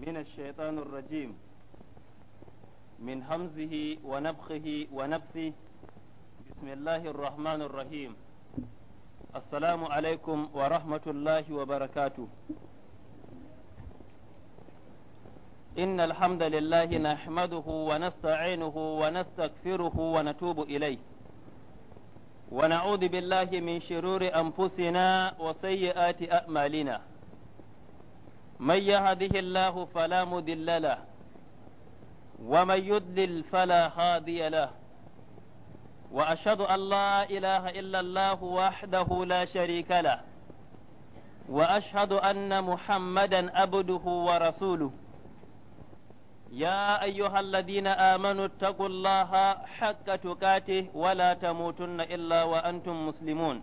من الشيطان الرجيم من همزه ونبخه ونبثه بسم الله الرحمن الرحيم السلام عليكم ورحمة الله وبركاته إن الحمد لله نحمده ونستعينه ونستغفره ونتوب إليه ونعوذ بالله من شرور أنفسنا وسيئات أعمالنا من يهده الله فلا مدل له ومن يدلل فلا هادي له وأشهد أن لا إله إلا الله وحده لا شريك له وأشهد أن محمدا أبده ورسوله يا أيها الذين آمنوا اتقوا الله حق تقاته ولا تموتن إلا وأنتم مسلمون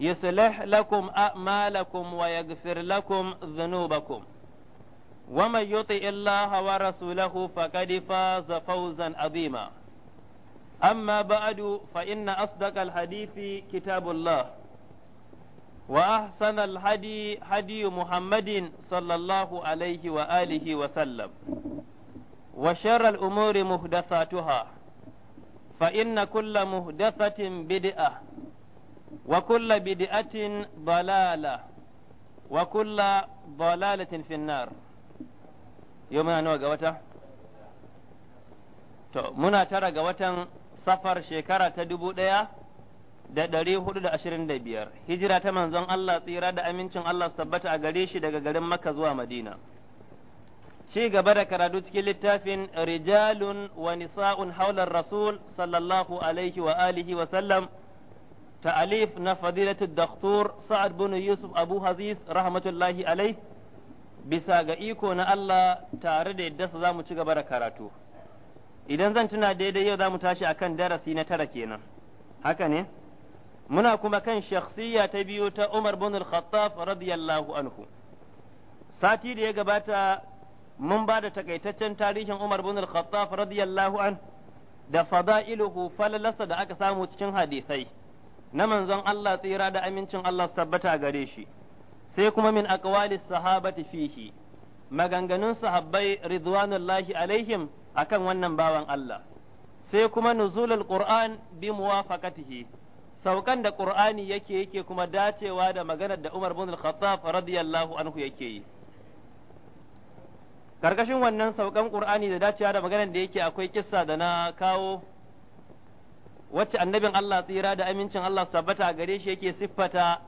يصلح لكم أعمالكم ويغفر لكم ذنوبكم ومن يطع الله ورسوله فقد فاز فوزا عظيما أما بعد فإن أصدق الحديث كتاب الله وأحسن الهدي هدي محمد صلى الله عليه وآله وسلم وشر الأمور محدثاتها فإن كل محدثة بدعة وكل بدعة ضلالة وكل ضلالة في النار يومنا نوى قوتا منا ترى قوتا safar shekara ta dubu ɗaya da ɗari hudu da ashirin da biyar hijira ta manzon Allah tsira da amincin Allah sabbata a gare shi daga garin Makka zuwa Madina ci gaba da karatu cikin littafin rijalun wa nisa'un haular rasul sallallahu alaihi wa alihi wa sallam ta'alif na fadilatu daktur sa'ad bin yusuf abu hazis rahmatullahi alai bisa ga iko na Allah tare da yadda za mu ci gaba da karatu idan zan tuna daidai yau za mu tashi kan darasi na tara kenan haka ne muna kuma kan shakhsiyya ta biyu ta Umar bin al radiyallahu anhu sati da ya gabata mun ba da takaitaccen tarihin Umar bin al radiyallahu an da fada'iluhu falalasa da aka samu cikin hadisai na manzon Allah tsira da amincin Allah su tabbata gare shi sai kuma min aqwalis sahabati fihi maganganun sahabbai ridwanullahi alaihim akan wannan bawan Allah sai kuma nuzulul qur'an bi muwafaqatihi saukan da qur'ani yake yake kuma dacewa da maganar da Umar bin Khattab radiyallahu anhu yake yi karkashin wannan saukan qur'ani da dacewa da maganar da yake akwai kissa da na kawo wacce annabin Allah tsira da amincin Allah sabbata a gare shi yake siffata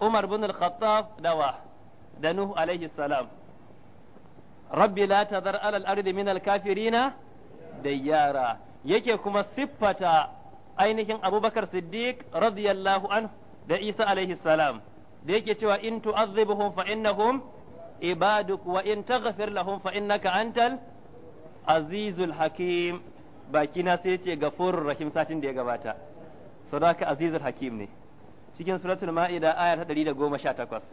Umar bin al-Khattab da Nuhu alaihi salam rabbi la tadhar ala al min al-kafirina dayyara yake kuma siffata ainihin Abubakar Siddiq radiyallahu anhu da Isa alaihi salam da yake cewa in tu'adhibuhum fa innahum ibaduk wa in taghfir lahum fa innaka antal azizul hakim baki na sai ce ga rahim satin da ya gabata sadaka azizul hakim ne cikin suratul ma'ida aya ta 118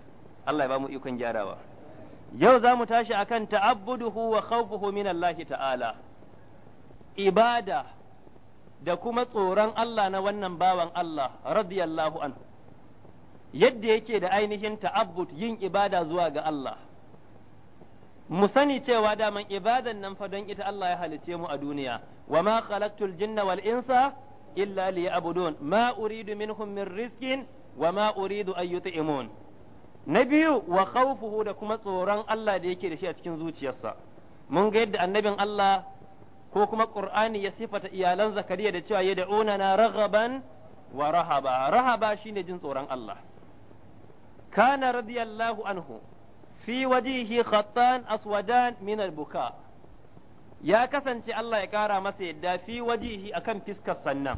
Allah ya ba mu ikon gyarawa yau za mu tashi akan ta'abbuduhu wa khawfuhu min Allah ta'ala ibada da kuma tsoron Allah na wannan bawan Allah radiyallahu anhu yadda yake da ainihin ta'abbud yin ibada zuwa ga Allah mu sani cewa daman ibadan nan fa don ita Allah ya halice mu a duniya wa ma khalaqtul jinna wal insa illa liya'budun ma uridu minhum min rizqin wa ma uridu an yut'imun na biyu wa khawfuhu da kuma tsoron Allah da yake da shi a cikin zuciyarsa mun ga yadda annabin Allah ko kuma Qur'ani ya sifata iyalan Zakariya da cewa yad'una na raghaban wa rahaba rahaba shine jin tsoron Allah kana radiyallahu anhu fi wajihi khattan aswadan min albuka ya kasance Allah ya kara masa yadda fi wajihi akan fiskar sannan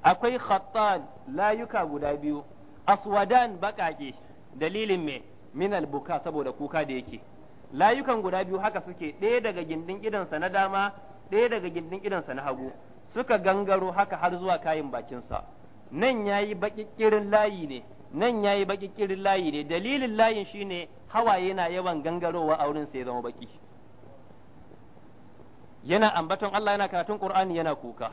akwai khattan layuka guda biyu aswadan bakake dalilin me min albuka buka saboda kuka da yake layukan guda biyu haka suke ɗaya daga gindin idansa na dama ɗaya daga gindin idansa na hagu suka gangaro haka har zuwa kayin bakinsa nan yayi bakikirin layi ne nan yayi bakikirin layi ne dalilin layin shine hawaye na yawan gangarowa a wurin sai zama baki yana ambaton Allah yana karatun Qur'ani yana kuka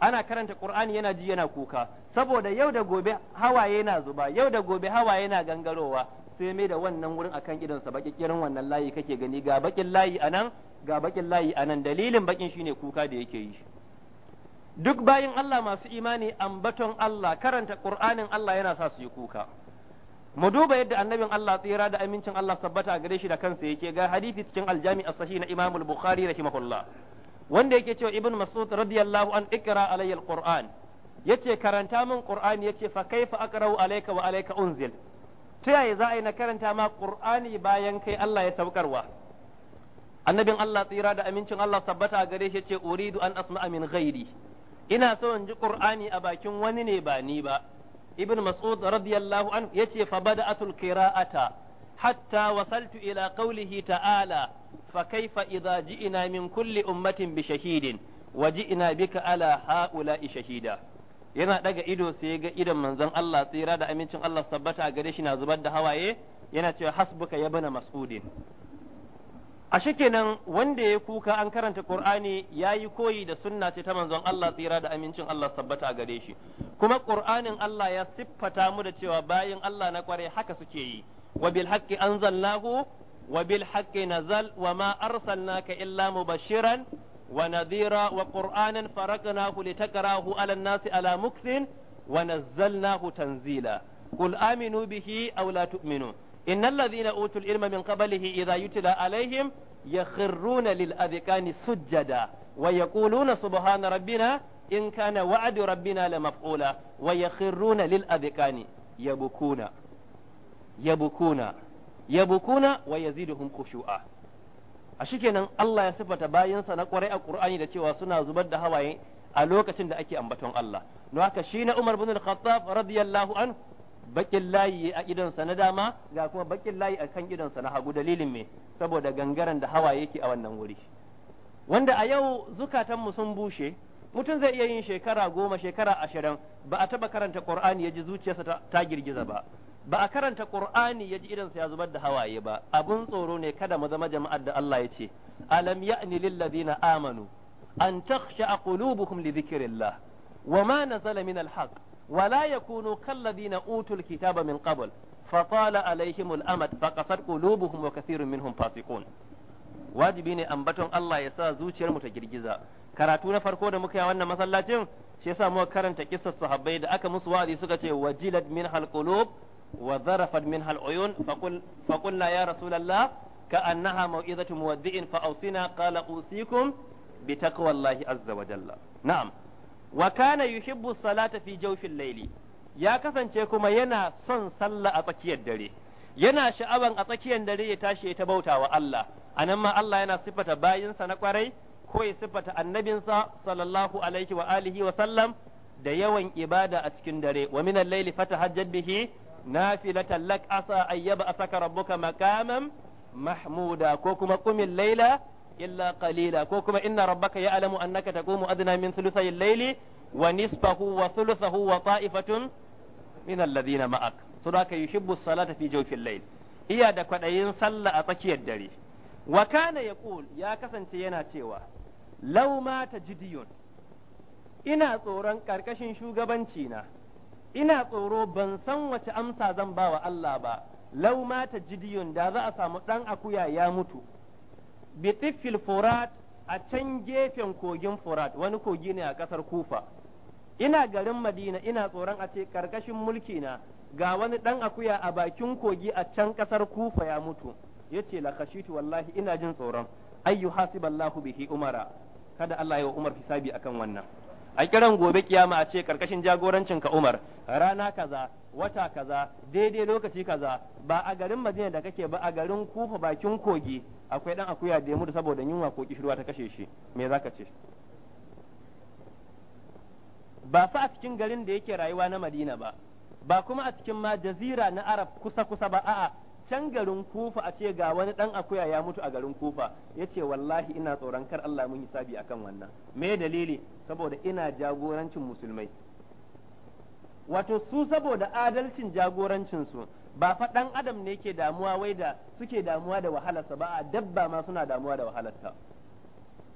ana karanta Qur'ani yana ji yana kuka saboda yau da gobe hawaye na zuba yau da gobe hawaye na gangarowa sai mai da wannan wurin akan sa baki kirin wannan layi kake gani ga bakin layi anan ga bakin layi anan dalilin bakin shine kuka da yake yi duk bayin Allah masu imani ambaton Allah karanta Qur'anin Allah yana sa su yi kuka mu duba yadda annabin Allah tsira da amincin Allah sabbata a gare shi da kansa yake ga hadisi cikin aljami as-sahih na Imam al-Bukhari rahimahullah wanda yake cewa Ibn Mas'ud radiyallahu an ikra alayya al-Qur'an yace karanta min Qur'ani yace fa kaifa aqra'u alayka wa alayka unzil ta yaya za a yi na karanta ma Qur'ani bayan kai Allah ya saukarwa annabin Allah tsira da amincin Allah sabbata a gare shi yace uridu an asma'a min ghairi ina so in ji Qur'ani a bakin wani ne ba ni ba ibn mas'ud radiyallahu anhu yace fa atul qira'ata hatta wasaltu ila qawlihi ta'ala fa kaifa idza ji'na min kulli ummatin bi shahidin wa ji'na bika ala i shahida yana ɗaga ido sai ga idon manzon Allah tsira da amincin Allah sabbata gare shi na zubar da hawaye yana cewa hasbuka ya bana mas'udin a kenan wanda ya kuka an karanta qur'ani yayi koyi da sunna ce ta manzon Allah tsira da amincin Allah tabbata gare shi kuma qur'anin Allah ya siffata mu da cewa bayin Allah na kware haka suke yi wa bil haqqi anzalnahu wa bil haqqi nazal wa ma arsalnaka illa mubashiran wa nadhira wa qur'anan faraqnahu litakrahu ala nasi ala mukthin wa nazzalnahu tanzila qul aminu bihi aw la tu'minu innal ladhina utul ilma min qablihi idha yutla alaihim yakhruna lil adqani sujjada wa yaquluna subhana rabbina in kana wa'du rabbina la maf'ula wa yakhruna lil adqani yabkuna yabkuna yabkuna wa yaziduhum khushu'a a shikenan Allah ya sifata bayansa na kwarai a Qur'ani da cewa suna zubar da hawaye a lokacin da ake ambaton Allah don haka shi na Umar bin Al-Khattab radiyallahu anhu bakin layi a idonsa na dama ga kuma bakin layi a kan idonsa na hagu dalilin me saboda gangaren da hawa yake a wannan wuri wanda a yau zukatanmu sun bushe mutum zai iya yin shekara goma shekara ashirin ba a taba karanta qur'ani ya ji zuciyarsa ta girgiza ba ba a karanta qur'ani ya ji idansa ya zubar da hawaye ba abun tsoro ne kada mu zama jama'ar da Allah ya ce alam ya'ni lil ladina amanu an takhsha qulubuhum li dhikrillah wa ma nazala min al wala ya kunu yakunu kalladina utul kitaba min qabl fatala alaihimul amad faqasat qulubuhum wa kathirun minhum fasiqun wajibi ne ambaton Allah ya sa zuciyar mu ta girgiza karatu na farko da muka yi wannan masallacin shi yasa muka karanta kissar sahabbai da aka musu wa'azi suka ce wajilat min halqulub wa zarafat min haluyun faqul faqulna ya rasulullah كأنها موئذة مودئ فأوصنا قال أوصيكم بتقوى الله عز وجل نعم wa kana yuhibbu salata fi jawfil layli ya kasance kuma yana son sallah a tsakiyar dare yana sha'awan a tsakiyar dare ya tashi ya ta bauta wa Allah anan ma Allah yana sifata bayinsa na kwarai ko ya sifata annabinsa sallallahu alaihi wa alihi wa sallam da yawan ibada a cikin dare wa min al-layli fatahajjad bihi nafilatan lak asa ayyaba asaka rabbuka makaman mahmuda ko kuma qumil layla illa qalila ko kuma inna rabbaka ya'lamu annaka taqumu adna min thuluthay al-layli wa nisfahu wa thuluthahu wa ta'ifatun min alladhina ma'ak so da ka yuhibbu salata fi jawfil layl iya da kwadayin sallah a tsakiyar dare wa kana yaqul ya kasance yana cewa law mata ina tsoron karkashin shugabanci na ina tsoro ban san wace amsa zan ba wa Allah ba law mata da za a samu dan akuya ya mutu bi furat a can gefen kogin furat wani kogi ne a kasar kufa ina garin madina ina tsoron a ce karkashin mulki na ga wani dan akuya a bakin kogi a can kasar kufa ya mutu yace ce lakashitu wallahi ina jin tsoron ayyu hasiballahu bihi umara kada Allah ya wa umar hisabi akan wannan a kiran gobe kiyama a ce karkashin jagorancin ka Umar rana kaza wata kaza daidai lokaci kaza ba a garin Madina da kake ba a garin Kufa bakin kogi akwai dan akuya da ya mutu saboda yunwa ko kishirwa ta kashe shi me zaka ce ba fa a cikin garin da yake rayuwa na Madina ba ba kuma a cikin ma jazira na Arab kusa kusa ba a'a can garin Kufa a ce ga wani dan akuya ya mutu a garin Kufa yace wallahi ina tsoron kar Allah mun hisabi akan wannan me dalili saboda ina jagorancin musulmai wato su saboda adalcin jagorancin su ba fa dan adam ne ke damuwa wai da suke damuwa da wahalarsa ba a dabba ma suna damuwa da wahalarsa.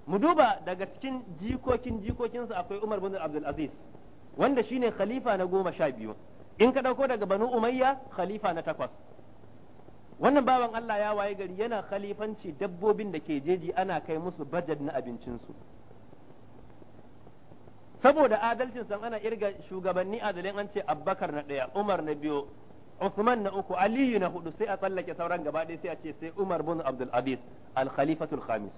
mu duba daga cikin jikokin jikokinsa akwai Umar bin Abdul Aziz wanda shine khalifa na goma sha biyu in ka dauko daga Banu Umayya khalifa na takwas wannan baban Allah ya waye gari yana khalifanci dabbobin da ke jeji ana kai musu bajad na abincinsu saboda adalcin san ana irga shugabanni adalin an ce Abubakar na ɗaya umar na biyu Uthman na uku aliyu na hudu sai a tsallake sauran gaba sai a ce sai umar bin abdul aziz al khalifatul khamis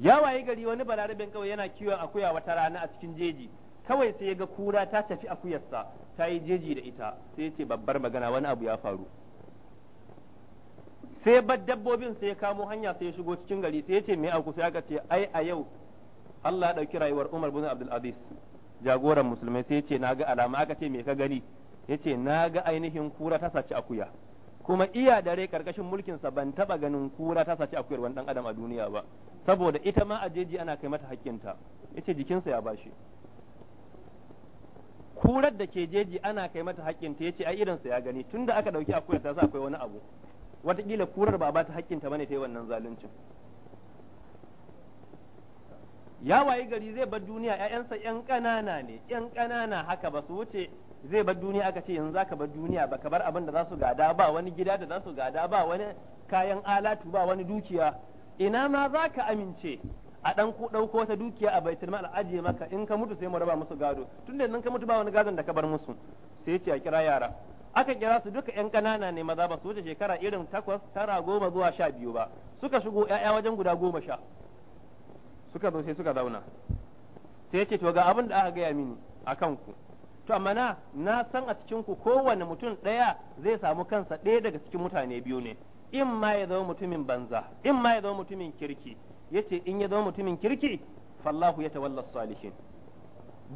ya waye gari wani balarabin kawai yana kiwon akuya wata rana a cikin jeji kawai sai ya ga kura ta tafi akuyarsa ta yi jeji da ita sai ya ce babbar magana wani abu ya faru sai bar dabbobin sai ya kamo hanya sai ya shigo cikin gari sai ya ce me aku sai aka ce ai a yau Allah ya dauki rayuwar Umar bin Abdul Aziz jagoran musulmai sai ya ce na ga alama aka ce me ka gani ya ce na ga ainihin kura ta saci akuya kuma iya dare karkashin mulkinsa ban taba ganin kura ta saci akuyar wani dan adam a duniya ba saboda ita ma a jeji ana kai mata hakkinta yace jikinsa ya bashi kurar da ke jeji ana kai mata hakkinta yace ai sa ya gani tunda aka dauki a ta sa akwai wani abu watakila kurar ba ba ta hakkinta bane ta yi wannan zaluncin ya wayi gari zai bar duniya ƴaƴansa ƴan ƙanana ne ƴan kanana haka ba su wuce zai bar duniya aka ce yanzu zaka bar duniya ba ka bar abin da za su gada ba wani gida da za su gada ba wani kayan alatu ba wani dukiya ina ma za ka amince a ɗan ku ta dukiya a baitul mal ajiye maka in ka mutu sai mu raba musu gado tunda nan ka mutu ba wani gadon da ka bar musu sai ya ce a kira yara aka kira su duka yan kanana ne maza ba su wuce shekara irin takwas tara goma zuwa sha biyu ba suka shigo ƴaƴa wajen guda goma sha suka zo sai suka zauna sai ya ce to ga abin da aka gaya mini a kanku to amma na na san a cikin ku kowane mutum ɗaya zai samu kansa ɗaya daga cikin mutane biyu ne in ma ya zama mutumin banza in ma ya zama mutumin kirki yace in ya zama mutumin kirki fallahu ya tawalla salihin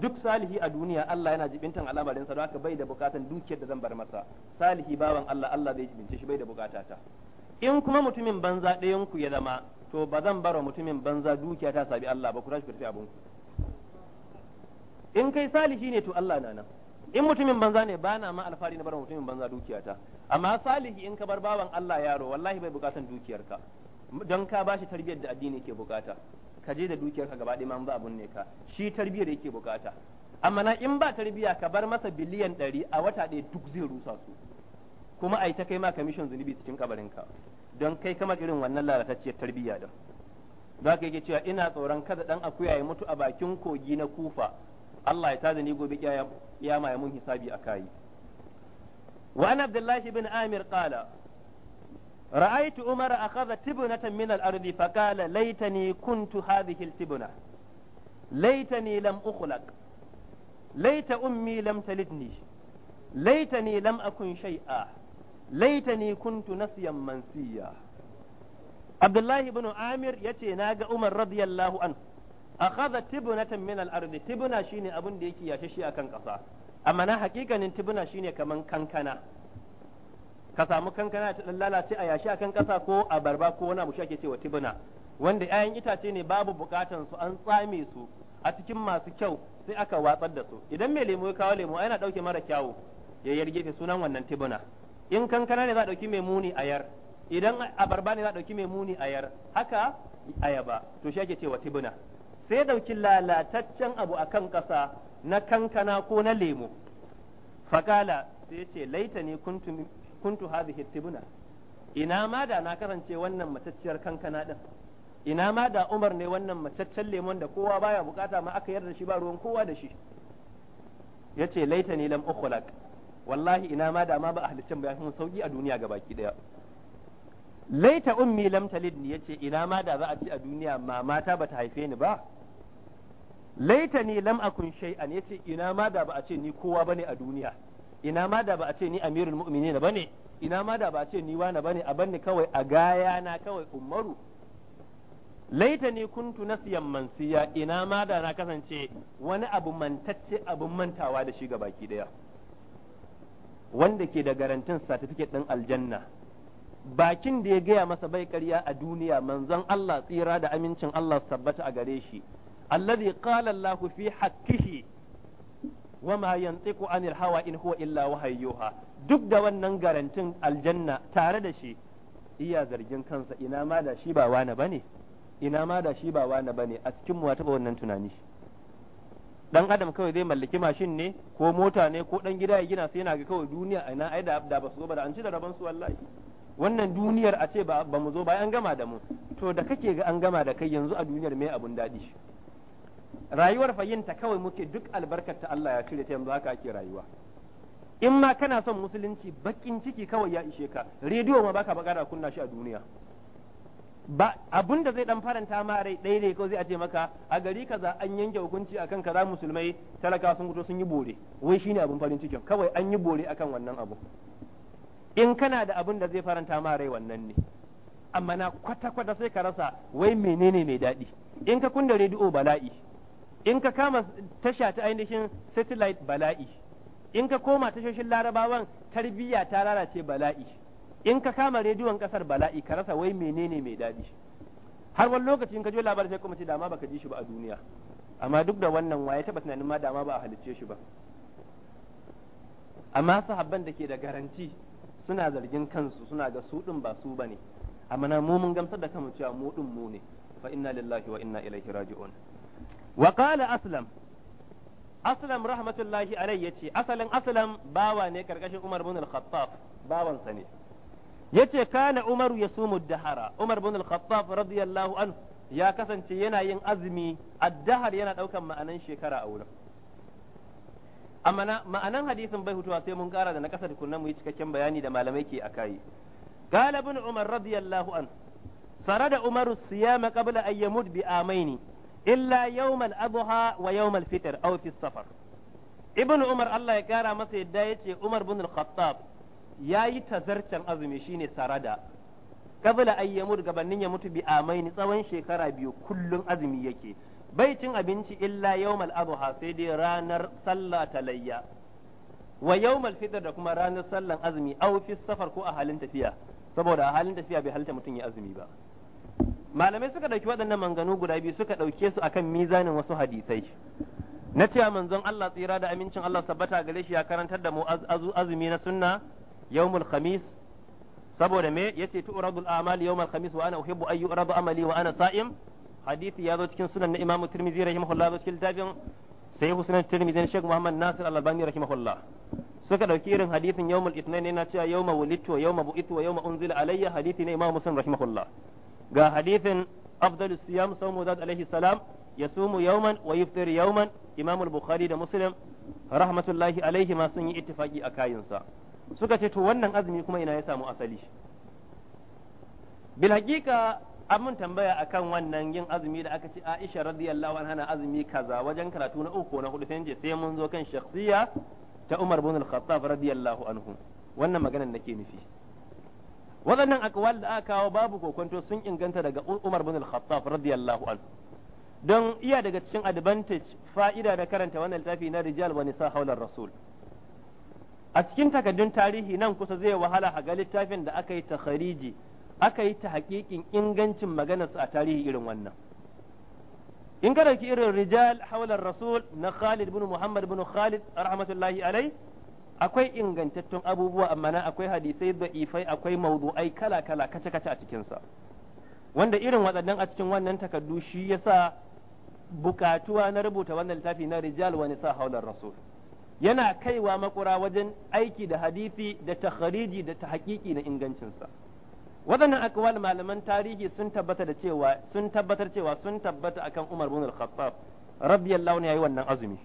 duk salihi a duniya Allah yana jibintan al'amarin sa don haka bai da bukatan dukiyar da zan bar masa salihi bawan Allah Allah zai jibince shi bai da bukata ta in kuma mutumin banza ɗayan ku ya zama to ba zan bar mutumin banza dukiya ta sabi Allah ba ku tashi ku abun abun in kai salihi ne to Allah na nan in mutumin banza ne ba na ma alfari na bar mutumin banza dukiya ta amma salihi in ka bar bawan Allah yaro wallahi bai bukatan dukiyarka don ka bashi tarbiyyar da addini ke bukata ka je da dukiyarka gaba ɗaya ma abun ne ka shi tarbiyyar yake bukata amma na in ba tarbiyya ka bar masa biliyan ɗari a wata ɗaya duk zai rusa su kuma ai ta kai ma kamishin zunubi cikin ka don kai kamar irin wannan lalatacciyar tarbiyya da za ka yake cewa ina tsoron kada dan akuya ya mutu a bakin kogi na kufa Allah ya tada ni gobe ya ya mun hisabi a kayi وعن عبد الله بن آمر قال رأيت عمر أخذ تبنة من الأرض فقال ليتني كنت هذه التبنة ليتني لم أخلق ليت أمي لم تلدني ليتني لم أكن شيئا laitani kuntu nasiyan mansiya abdullahi ibn amir yace naga umar radiyallahu anhu akhadha tibnatan min al-ardi tibna shine abin da yake yashe shi kan kasa amma na hakikanin tubuna shine kaman kankana ka samu kankana ta dan lalace a yashi akan kasa ko a barba ko wani abu shi cewa tubuna wanda 'ya'yan itace ne babu bukatan su an tsame su a cikin masu kyau sai aka watsar da su idan mai lemo ya kawo lemo yana dauke mara kyawu ya yar gefe sunan wannan tibuna in kankana ne za a dauki mai muni a yar idan abarba ne za a dauki mai muni a yar haka ayaba to shi cewa tibuna sai dauki lalataccen abu akan kasa na kankana ko na lemo fakala sai ya ce laita ne kuntu hadhihi tibuna ina ma da na karance wannan matacciyar kankana ɗin ina ma da Umar ne wannan mataccen lemon da kowa baya bukata ma aka yarda shi ba ruwan kowa da shi Ya ce laita ne lam ukhlaq wallahi ina ma da ma ba ahlicin ba mun sauki a duniya ga baki daya laita ummi lam talidni yace ina ma da za a ci a duniya mamata bata haife ni ba laitani lam akun shay'an yace ina ma da ba a ce ni kowa bane a duniya ina ma da ba a ce ni amirul mu'minin bane ina ma da ba a ce ni wani bane a banni kawai a gaya na kawai umaru laitani kuntu nasiyan mansiya ina ma da na kasance wani abu mantacce abun mantawa da shi baki daya wanda ke da garantin certificate din aljanna bakin da ya gaya masa bai ƙarya a duniya manzon Allah tsira da amincin Allah su tabbata a gare shi الذي قال الله fi حقه وما ينطق عن الهوى hawa in الا illa wahayyuha duk da wannan garantin aljanna tare da shi iya zargin kansa ina ma da shi ba wani bane ina ma da shi ba wani bane a cikin mu ta wannan tunani dan adam kawai zai mallaki mashin ne ko mota ne ko dan gida ya gina sai yana ga kawai duniya ina ai da da basu zo ba da an ci da raban su wallahi wannan duniyar a ce ba mu zo ba an gama da mu to da kake ga an gama da kai yanzu a duniyar me abun dadi rayuwar fayyanta kawai muke duk albarkar ta Allah ya cire ta yanzu haka ake rayuwa in ma kana son musulunci bakin ciki kawai ya ishe ka rediyo ma baka bukata kunna shi a duniya ba abun da zai dan faranta ma rai ɗaya ne ko zai a ce maka a gari kaza an yanke hukunci akan kaza musulmai talaka sun fito sun yi bore wai shine abun farin cikin kawai an yi bore akan wannan abu in kana da abun da zai faranta ma rai wannan ne amma na kwata kwata sai ka rasa wai menene mai daɗi in ka kunda rediyo bala'i in ka kama tasha ta ainihin satellite bala'i in ka koma tashoshin larabawan tarbiyya ta lalace bala'i in ka kama rediyon kasar bala'i ka rasa wai menene mai daɗi har wani lokaci in ka je labarin sai kuma ce dama baka ji shi ba a duniya amma duk da wannan waye taba tunanin ma dama ba a halicce shi ba amma sahabban da ke da garanti suna zargin kansu suna ga su din ba su bane amma na mu mun gamsar da kanmu cewa mu din mu ne fa inna lillahi wa inna ilaihi raji'un wa qala aslam aslam rahmatullahi alai yace asalin aslam bawa ne karkashin umar bin al-khattab bawan sa ne yace kana umaru yasumu dahara umar bin al radiyallahu anhu ya kasance yana yin azumi addahar yana ɗaukan ma'anan shekara a wurin amma ma'anan hadisin bai hutuwa sai mun kara da na kasa tukunna mu yi cikakken bayani da malamai ke akai قال ابن عمر رضي الله عنه سرد عمر الصيام قبل أن يموت بآمين illa yawmal adha wa yawmal fitr aw fi safar ibn umar Allah ya kara masa yadda yace umar bin khattab yayi tazarcen azumi shine sarada kabla an yamut gabanin ya mutu bi amaini tsawon shekara biyu kullum azumi yake bai cin abinci illa yawmal adha sai dai ranar sallah talayya wa yawmal fitr da kuma ranar sallar azumi aw fi safar ko a halin tafiya saboda a halin tafiya bai halta mutum ya azumi ba malamai suka ɗauki waɗannan manganu guda biyu suka ɗauke su akan mizanin wasu hadisai na cewa manzon Allah tsira da amincin Allah sabbata gare shi ya karantar da mu azumi na sunna yawmul khamis saboda me yace tu'radul amali yawmal khamis wa ana uhibbu an yu'rada amali wa ana sa'im hadisi ya zo cikin sunan na Imam Tirmidhi rahimahullah zo cikin littafin sai Husnan Tirmidhi na Sheikh Muhammad Nasir Al-Albani rahimahullah suka dauki irin hadisin yawmul ithnain yana cewa yawma wulidtu wa yawma bu'ithu wa yawma unzila alayya hadisi na Imam Muslim rahimahullah ga hadithin afdalus siyam sawmu zat alaihi salam yasumu yauman wa yuftir imam bukhari da muslim rahmatullahi alaihi ma sun yi ittifaki a kayansa suka ce to wannan azumi kuma ina ya samu asali bil haqiqa mun tambaya akan wannan yin azumi da aka ce Aisha radiyallahu anha na azumi kaza wajen karatu na uku na hudu sai je sai mun zo kan shakhsiya ta Umar bin Al-Khattab radiyallahu anhu wannan maganar nake nufi waɗannan akwal da aka kawo babu kokonto sun inganta daga Umar bin Al-Khattab radiyallahu anhu don iya daga cikin advantage fa'ida da karanta wannan littafi na rijal wa nisa haular rasul a cikin takaddun tarihi nan kusa zai wahala a ga littafin da aka yi ta khariji aka yi ta hakikin ingancin maganarsa a tarihi irin wannan in ka irin rijal haular rasul na Khalid bin Muhammad bin Khalid rahmatullahi alai akwai ingantattun abubuwa amma na akwai hadisai da'ifai akwai maudu'ai kala kala kace kace a cikinsa wanda irin waɗannan a cikin wannan takardu shi yasa bukatuwa na rubuta wannan littafi na rijal wa nisa haular rasul yana kaiwa makura wajen aiki da hadisi da takhariji da tahqiqi na ingancinsa waɗannan akwal malaman tarihi sun tabbata da cewa sun tabbatar cewa sun tabbata akan Umar bin Al-Khattab radiyallahu anhu yayi wannan azumi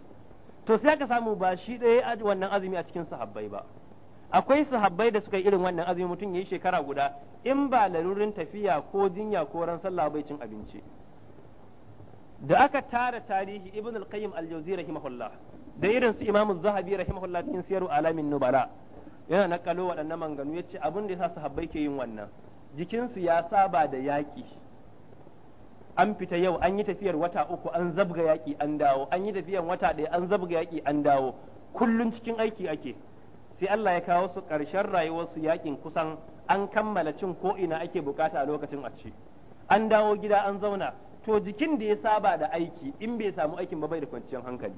to sai aka samu ba shi ɗaya wannan azumi a cikin sahabbai ba akwai sahabbai da suka yi irin wannan azumi mutum ya yi shekara guda in ba larurin tafiya ko jinya ko ran sallah bai cin abinci da aka tara tarihi ibn al-qayyim al-jawzi rahimahullah da irin su imamu zahabi rahimahullah cikin siyaru alamin nubala yana nakalo waɗannan manganu ya ce abin da yasa sahabbai ke yin wannan jikinsu ya saba da yaƙi an fita yau an yi tafiyar wata uku an zabga yaki an dawo an yi tafiyar wata ɗaya an zabga yaki an dawo kullun cikin aiki ake sai Allah ya kawo su ƙarshen rayuwarsu yakin kusan an kammala cin ko ina ake bukata a lokacin a ci an dawo gida an zauna to jikin da ya saba da aiki in bai samu aikin ba bai da kwanciyar hankali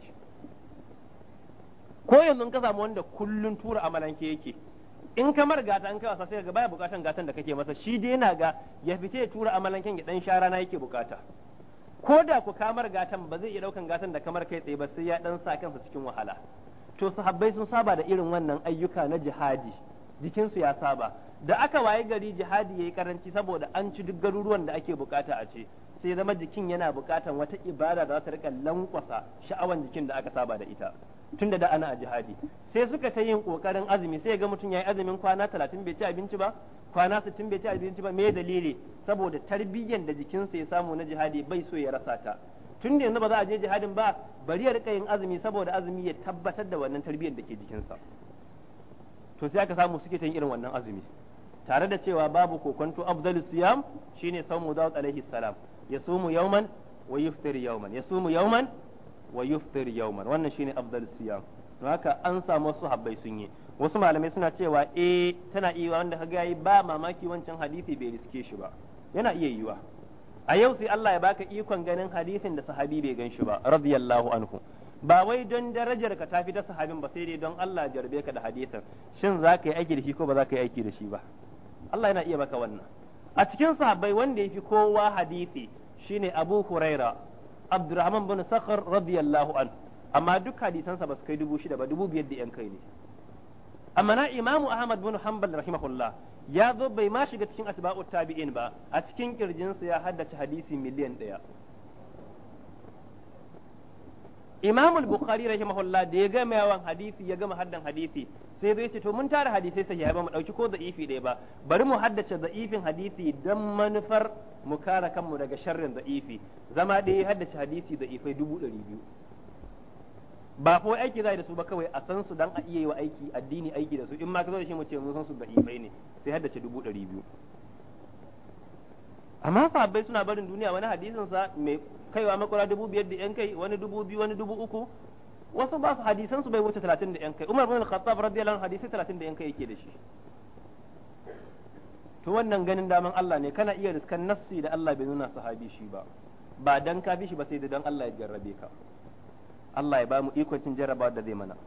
ko yanzu ka samu wanda kullun tura amalanke yake in kamar gata in kai wasa sai ga baya bukatan gatan da kake masa shi dai yana ga ya fice tura amalan ya dan shara na yake bukata ko da ku kamar gatan ba zai iya daukan gatan da kamar kai tsaye ba sai ya dan sa kansa cikin wahala to sahabbai sun saba da irin wannan ayyuka na jihadi jikinsu ya saba da aka waye gari jihadi yayi karanci saboda an ci duk garuruwan da ake bukata a ce sai zama jikin yana bukatan wata ibada da za ta rika lankwasa sha'awan jikin da aka saba da ita tunda da ana a jihadi sai suka ta yin kokarin azumi sai ga mutum yayi azumin kwana 30 bai ci abinci ba kwana 60 bai ci abinci ba me dalili saboda tarbiyyar da jikinsa ya samu na jihadi bai so ya rasa ta tun da yanzu ba za a je jihadin ba bari ya rika yin azumi saboda azumi ya tabbatar da wannan tarbiyyar da ke jikinsa to sai aka samu suke ta yin irin wannan azumi tare da cewa babu kokonto afdalus siyam shine sawmu dawud alaihi salam ya sumu yawman wa yuftir yawman sumu yawman wa yuftir yawman wannan shine afdal siyam to haka an samu wasu habbai sun yi wasu malamai suna cewa eh tana iya wanda kaga yi ba mamaki wancan hadisi bai riske shi ba yana iya yiwa a yau sai Allah ya baka ikon ganin hadisin da sahabi bai gan shi ba radiyallahu anhu ba wai don darajar ka tafi ta sahabin ba sai dai don Allah jarbe ka da hadisin shin za ka yi aiki da shi ko ba za ka yi aiki da shi ba Allah yana iya baka wannan a cikin sahabbai wanda ya fi kowa hadisi shine Abu Huraira Abdurrahman bin Sakhar radiyallahu an amma duk hadisansa ba su kai dubu shida ba dubu biyar da yan kai ne amma na Imam Ahmad bin Hanbal rahimahullah ya zo bai ma shiga cikin asba'ut tabi'in ba a cikin kirjinsa ya haddace hadisi miliyan ɗaya Imam al-Bukhari rahimahullah da ya gama yawan hadisi ya gama haddan hadisi sai zai ce to mun tara hadisai sai ya ba mu dauki ko da'ifi ɗaya ba bari mu haddace da'ifin hadisi dan manufar mu kare kanmu daga sharrin da'ifi zama da ya haddace hadisi da'ifai dubu ɗari biyu ba ko aiki za da su ba kawai a san su dan a iya yi wa aiki addini aiki da su in ma ka zo da shi mu ce mun san su da'ifai ne sai haddace dubu ɗari biyu amma sahabbai suna barin duniya wani hadisin sa mai kaiwa makura dubu biyar da yan kai wani dubu biyu wani dubu uku wasu ba su hadisan su bai wuce talatin da yan kai umar bin al-khattab radiyallahu anhu hadisi talatin da yan kai yake da shi to wannan ganin daman Allah ne kana iya riskan nassi da Allah bai nuna sahabi shi ba ba dan ka bi shi ba sai da dan Allah ya jarrabe ka Allah ya ba mu iko cin jarraba da zai mana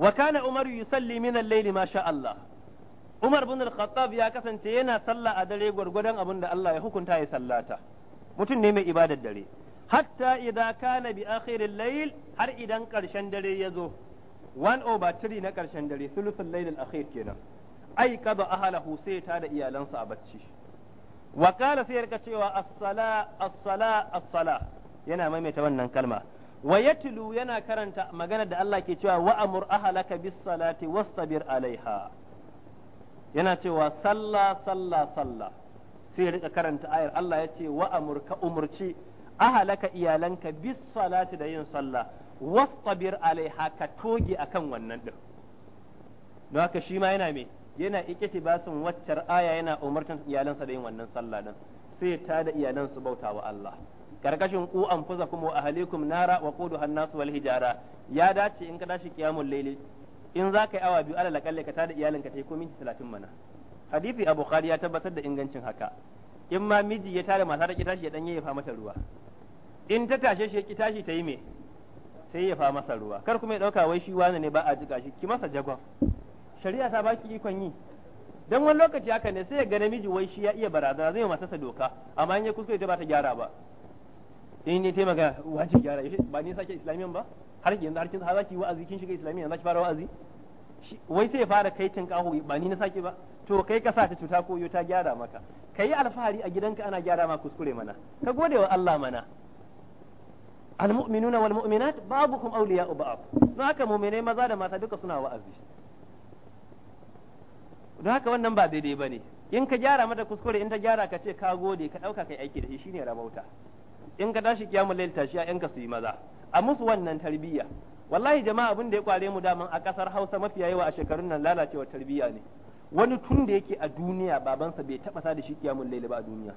wa kana umaru yusalli min al-layli ma sha Allah Umar bin al-Khattab ya kasance yana sallah a dare gwargwadon abin da Allah ya hukunta ya sallata mutum ne mai ibadar dare hatta idan kana bi al layl har idan karshen dare ya zo 1 over 3 na karshen dare thuluthul layl al-akhir kenan Ai aikada ahlahu sai ta da iyalansa a bacci wa kala sai rika cewa as-sala as-sala as-sala yana maimaita wannan kalma wa yatlu yana karanta magana da Allah ke cewa wa amur ka bis salati wastabir alaiha yana cewa sallah sallah sallah sai rika karanta ayar Allah ya ce wa ka umurci ahalaka iyalanka bis salati da yin sallah wastabir alaiha ka toge akan wannan din don haka shi ma yana me yana ikiti basin waccar aya yana umartan iyalansa da yin wannan sallah din sai ta da iyalan su bauta wa Allah karkashin ku anfusakum wa ahlikum nara wa quduha an-nas wal hijara ya dace in ka dashi qiyamul layli in za ka yi awa biyu alal kalle ka tada iyalinka ta yi ko minti talatin mana hadisi abu khari ya tabbatar da ingancin haka in ma miji ya tada mata ki kitashi ya dan fa mata ruwa in ta tashe shi ya kitashi ta yi me ta fa masa ruwa kar kuma ya dauka wai shi wani ne ba a jika shi ki masa jagwa shari'a ta baki ikon yi dan wani lokaci haka ne sai ya ga namiji wai shi ya iya barazana zai masa sa doka amma in ya kuskure ta ba ta gyara ba in ne taimaka wajibi gyara ba ni sake islamiyan ba har yanzu har kin har zaki wa'azi kin shiga islamiyan zaki fara wa'azi wai sai ya fara kai tin kaho ba ni na sake ba to kai ka sa ta cuta ko yo ta gyara maka kai alfahari a gidanka ana gyara ma kuskure mana ka gode wa Allah mana المؤمنون والمؤمنات بعضهم أولياء بعض don haka muminai maza da mata duka suna wa'azi don haka wannan ba daidai ne in ka gyara mata kuskure in ta gyara ka ce ka gode ka ɗauka ka kai aiki da shi shine rabauta in ka tashi kiyamu lail tashi ya ka su yi maza a musu wannan tarbiyya wallahi jama'a abin da ya kware mu daman a kasar Hausa mafiya yawa a shekarun nan lalacewa tarbiyya ne wani tun da yake a duniya babansa bai taɓa sa da shi kiyamu lail ba a duniya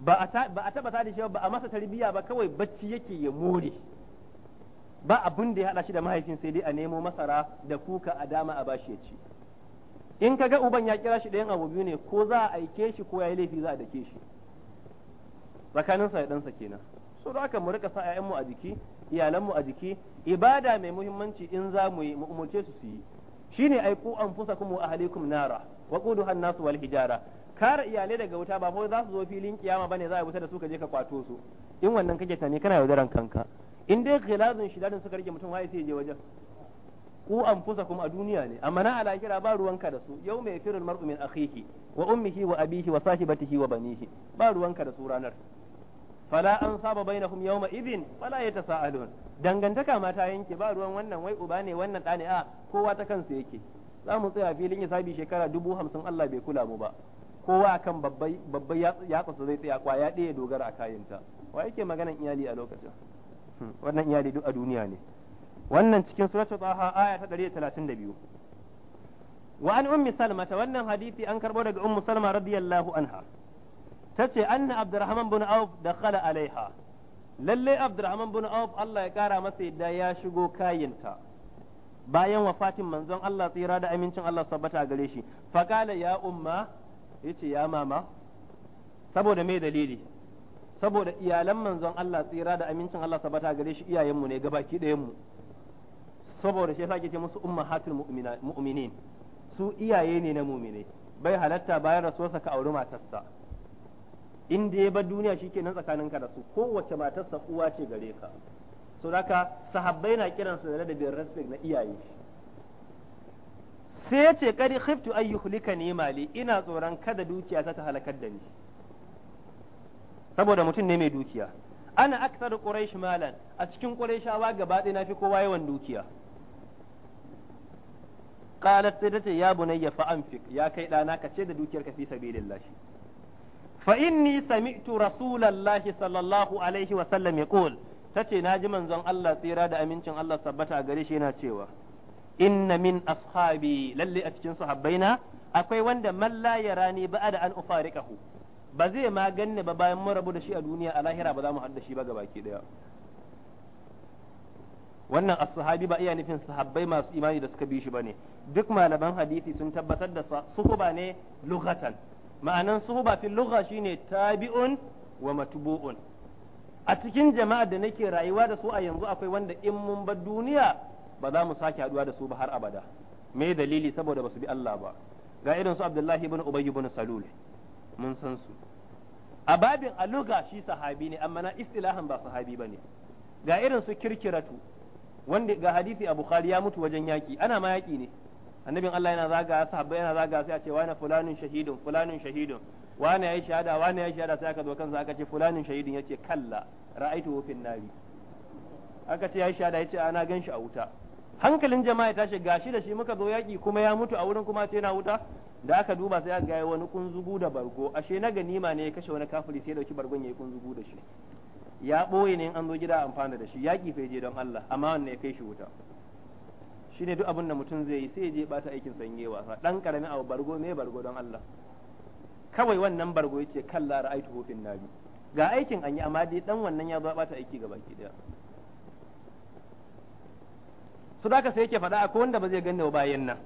ba a taɓa sa da shi ba a masa tarbiyya ba kawai bacci yake ya more ba abun da ya hada shi da mahaifin sai dai a nemo masara da kuka a dama a bashi ya ci in ka ga uban ya kira shi ɗayan abu biyu ne ko za a aike shi ko ya yi laifi za a dake shi tsakanin sa da ɗansa kenan so da aka mu rika sa mu a jiki mu a jiki ibada mai muhimmanci in za mu yi mu umurce su su yi shine ai ku anfusakum wa ahlikum nara wa quduha an-nas wal hijara kare iyalai daga wuta ba ko za su zo filin kiyama bane za a wuta da su ka je ka kwato su in wannan kake tani kana yaudaran kanka in dai shi shidadin suka rike mutum waye sai je wajen ku an kuma a duniya ne amma na alakira ba ruwanka da su yau mai firin mar'u min akhihi wa ummihi wa abihi wa sahibatihi wa banihi ba ruwanka da su ranar fala an saba bainahum yawma idhin fala yatasaalun dangantaka mata yanke ba ruwan wannan wai uba ne wannan ɗa a kowa ta kansa yake za mu tsaya filin hisabi shekara dubu hamsin Allah bai kula mu ba kowa kan babbai babbai ya zai tsaya kwaya ɗaya dogara a kayanta wa yake maganan iyali a lokacin wannan iyali duk a duniya ne wannan cikin suratul taha aya ta 132 wa an ummi salma ta wannan hadisi an karbo daga ummu salma radiyallahu anha tace anna abdurrahman bin auf dakhala alaiha lalle abdurrahman bin auf Allah ya kara masa yadda ya shigo kayinta bayan wafatin manzon Allah tsira da amincin Allah sabbata gare shi faqala ya umma yace ya mama saboda me dalili saboda iyalan manzon Allah tsira da amincin Allah sabata gare shi iyayenmu ne gabaki ɗayanmu saboda shi yasa ke ce musu umma hatul mu'minin su iyaye ne na mu'mine bai halatta bayan rasuwarsa ka auri matarsa in da ya bar duniya shi ke shikenan tsakaninka da su kowace matarsa uwa ce gare ka so haka sahabbai na kiran su da ladabin respect na iyaye sai ya ce kadi khiftu ayyuhlika ne mali ina tsoron kada dukiya ta halakar da ni saboda mutum ne mai dukiya ana akthar quraish malan a cikin qurayshawa gaba ɗaya nafi kowa yawan dukiya qalat sai ce ya bunayya fa anfiq ya kai dana ka ce da dukiyar ka fi sabilillah fa inni sami'tu rasulallahi sallallahu alaihi wa sallam yaqul tace naji manzon Allah tsira da amincin Allah sabbata a gare shi yana cewa inna min ashabi lalle a cikin sahabbaina akwai wanda man la yarani ba'da an ufariqahu ba zai ma ganni ba bayan mun rabu da shi a duniya a lahira ba za mu shi ba ga baki daya wannan as-sahabi ba iya nufin sahabbai masu imani da suka bi shi bane duk malaman hadisi sun tabbatar da suhuba ne lughatan ma'anan suhuba fil lugha shine tabi'un wa matbu'un a cikin jama'a da nake rayuwa da su a yanzu akwai wanda in mun bar duniya ba za mu sake haduwa da su ba har abada me dalili saboda ba su bi Allah ba ga irin su Abdullahi ibn Ubay ibn Salul mun san su a babin aluga shi sahabi ne amma na istilahan ba sahabi ba ne ga irin su kirkiratu wanda ga hadisi a bukhari ya mutu wajen yaki ana ma yaki ne annabin Allah yana zaga sahabbai yana zaga sai a ce wani fulanin shahidun fulanin shahidun wani ya yi shahada wani ya yi shahada sai aka zo kansa aka ce fulanin shahidun ce kalla ra'aitu wofin nari aka ce ya yi shahada yace ana ganshi a wuta hankalin jama'a ya tashi gashi da shi muka zo yaki kuma ya mutu a wurin kuma ce na wuta da aka duba sai aka gaya wani kunzugu da bargo ashe na ganima ne ya kashe wani kafiri sai dauki bargon yayi kunzugu da shi ya boye ne an zo gida amfana da shi yaki fa je don Allah amma wannan ya kai shi wuta shine duk abin da mutum zai yi sai ya je bata aikin sanye wasa dan karami abu bargo me bargo don Allah kawai wannan bargo yace kallar aitu hufin nabi ga aikin an yi amma dai dan wannan ya zo bata aiki gaba ki daya su da ka sai yake faɗa akwai wanda ba zai ganna bayan nan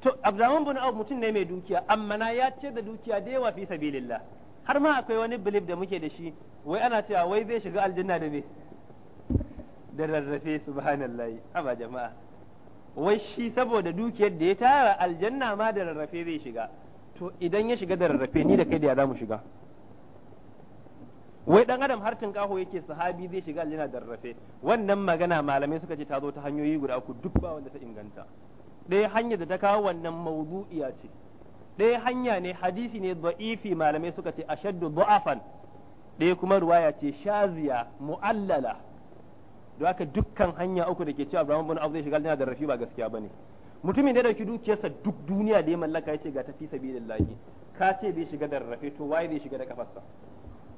to Abdurrahman bin Auf mutum ne mai dukiya amma na ya ce da dukiya da yawa fi sabilillah har ma akwai wani bilif da muke da shi wai ana cewa wai zai shiga aljanna da me da rarrafe subhanallah. aba jama'a wai shi saboda dukiyar da ya tara aljanna ma da rarrafe zai shiga to idan ya shiga da rarrafe ni da kai da ya za mu shiga wai dan adam har kaho yake sahabi zai shiga aljanna da rarrafe wannan magana malamai suka ce ta zo ta hanyoyi guda uku duk ba wanda ta inganta ɗaya hanya da ta kawo wannan mawdu'iya ce ɗaya hanya ne hadisi ne dha'ifi malamai suka ce ashaddu dha'afan ɗaya kuma ruwaya ce shaziya mu'allala don haka dukkan hanya uku da ke cewa Abraham ibn Auf zai shiga aljanna da rarrafe ba gaskiya bane mutumin da ya dauki dukiyarsa duk duniya da ya mallaka ya ce ga tafi sabilillahi ka ce bai shiga da rarrafe to waye zai shiga da kafarsa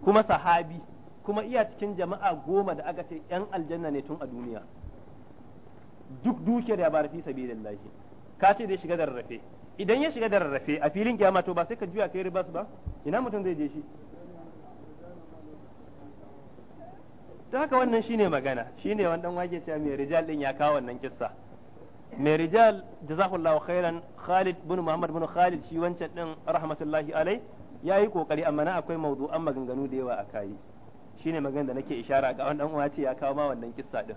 kuma sahabi kuma iya cikin jama'a goma da aka ce yan aljanna ne tun a duniya duk dukiyar ya bara fi sabilillahi ka ce zai shiga da rarrafe idan ya shiga da rarrafe a filin kiyama to ba sai ka juya kai ribas ba ina mutum zai je shi ta haka wannan shine magana shine wannan wake cewa mai rijal din ya kawo wannan kissa mai rijal jazakallahu khairan Khalid bin Muhammad bin Khalid shi wancan din rahmatullahi alai ya yi kokari amma na akwai mawdu'an maganganu da yawa a kayi shine magana da nake ishara ga wannan uwa ce ya kawo ma wannan kissa din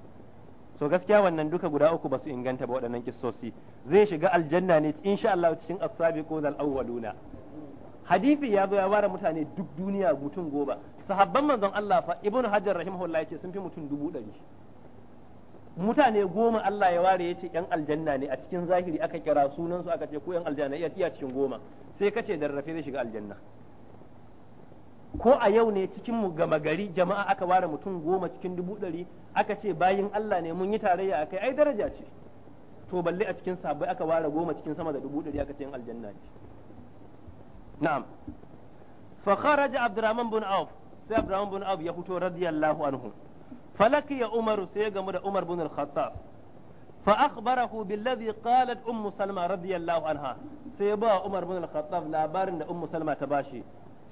so gaskiya wannan duka guda uku basu inganta ba waɗannan kissosi zai shiga aljanna ne insha Allah cikin as ko al-awwaluna hadisi ya zo ya ware mutane duk duniya mutum goba sahabban manzon Allah fa ibnu hajar rahimahullahi yace sun fi mutum dubu ɗari mutane goma Allah ya ware ya ce yan aljanna ne a cikin zahiri aka kira sunan su aka ce ko yan aljanna iya cikin goma sai ka rarrafe zai shiga aljanna ko a yau ne cikin mu gama gari jama'a aka ware mutum goma cikin dubu ɗari aka ce bayin Allah ne mun yi tarayya a kai ai daraja ce to balle a cikin sabai aka ware goma cikin sama da dubu ɗari aka ce yin aljanna ce na'am fa kharaja abdurrahman bin auf sai abdurrahman bin auf ya fito radiyallahu anhu falaki ya umaru sai ya gamu da umar bin al fa akhbarahu billadhi qalat ummu salma radiyallahu anha sai ba umar bin al-khattab labarin da ummu salma ta bashi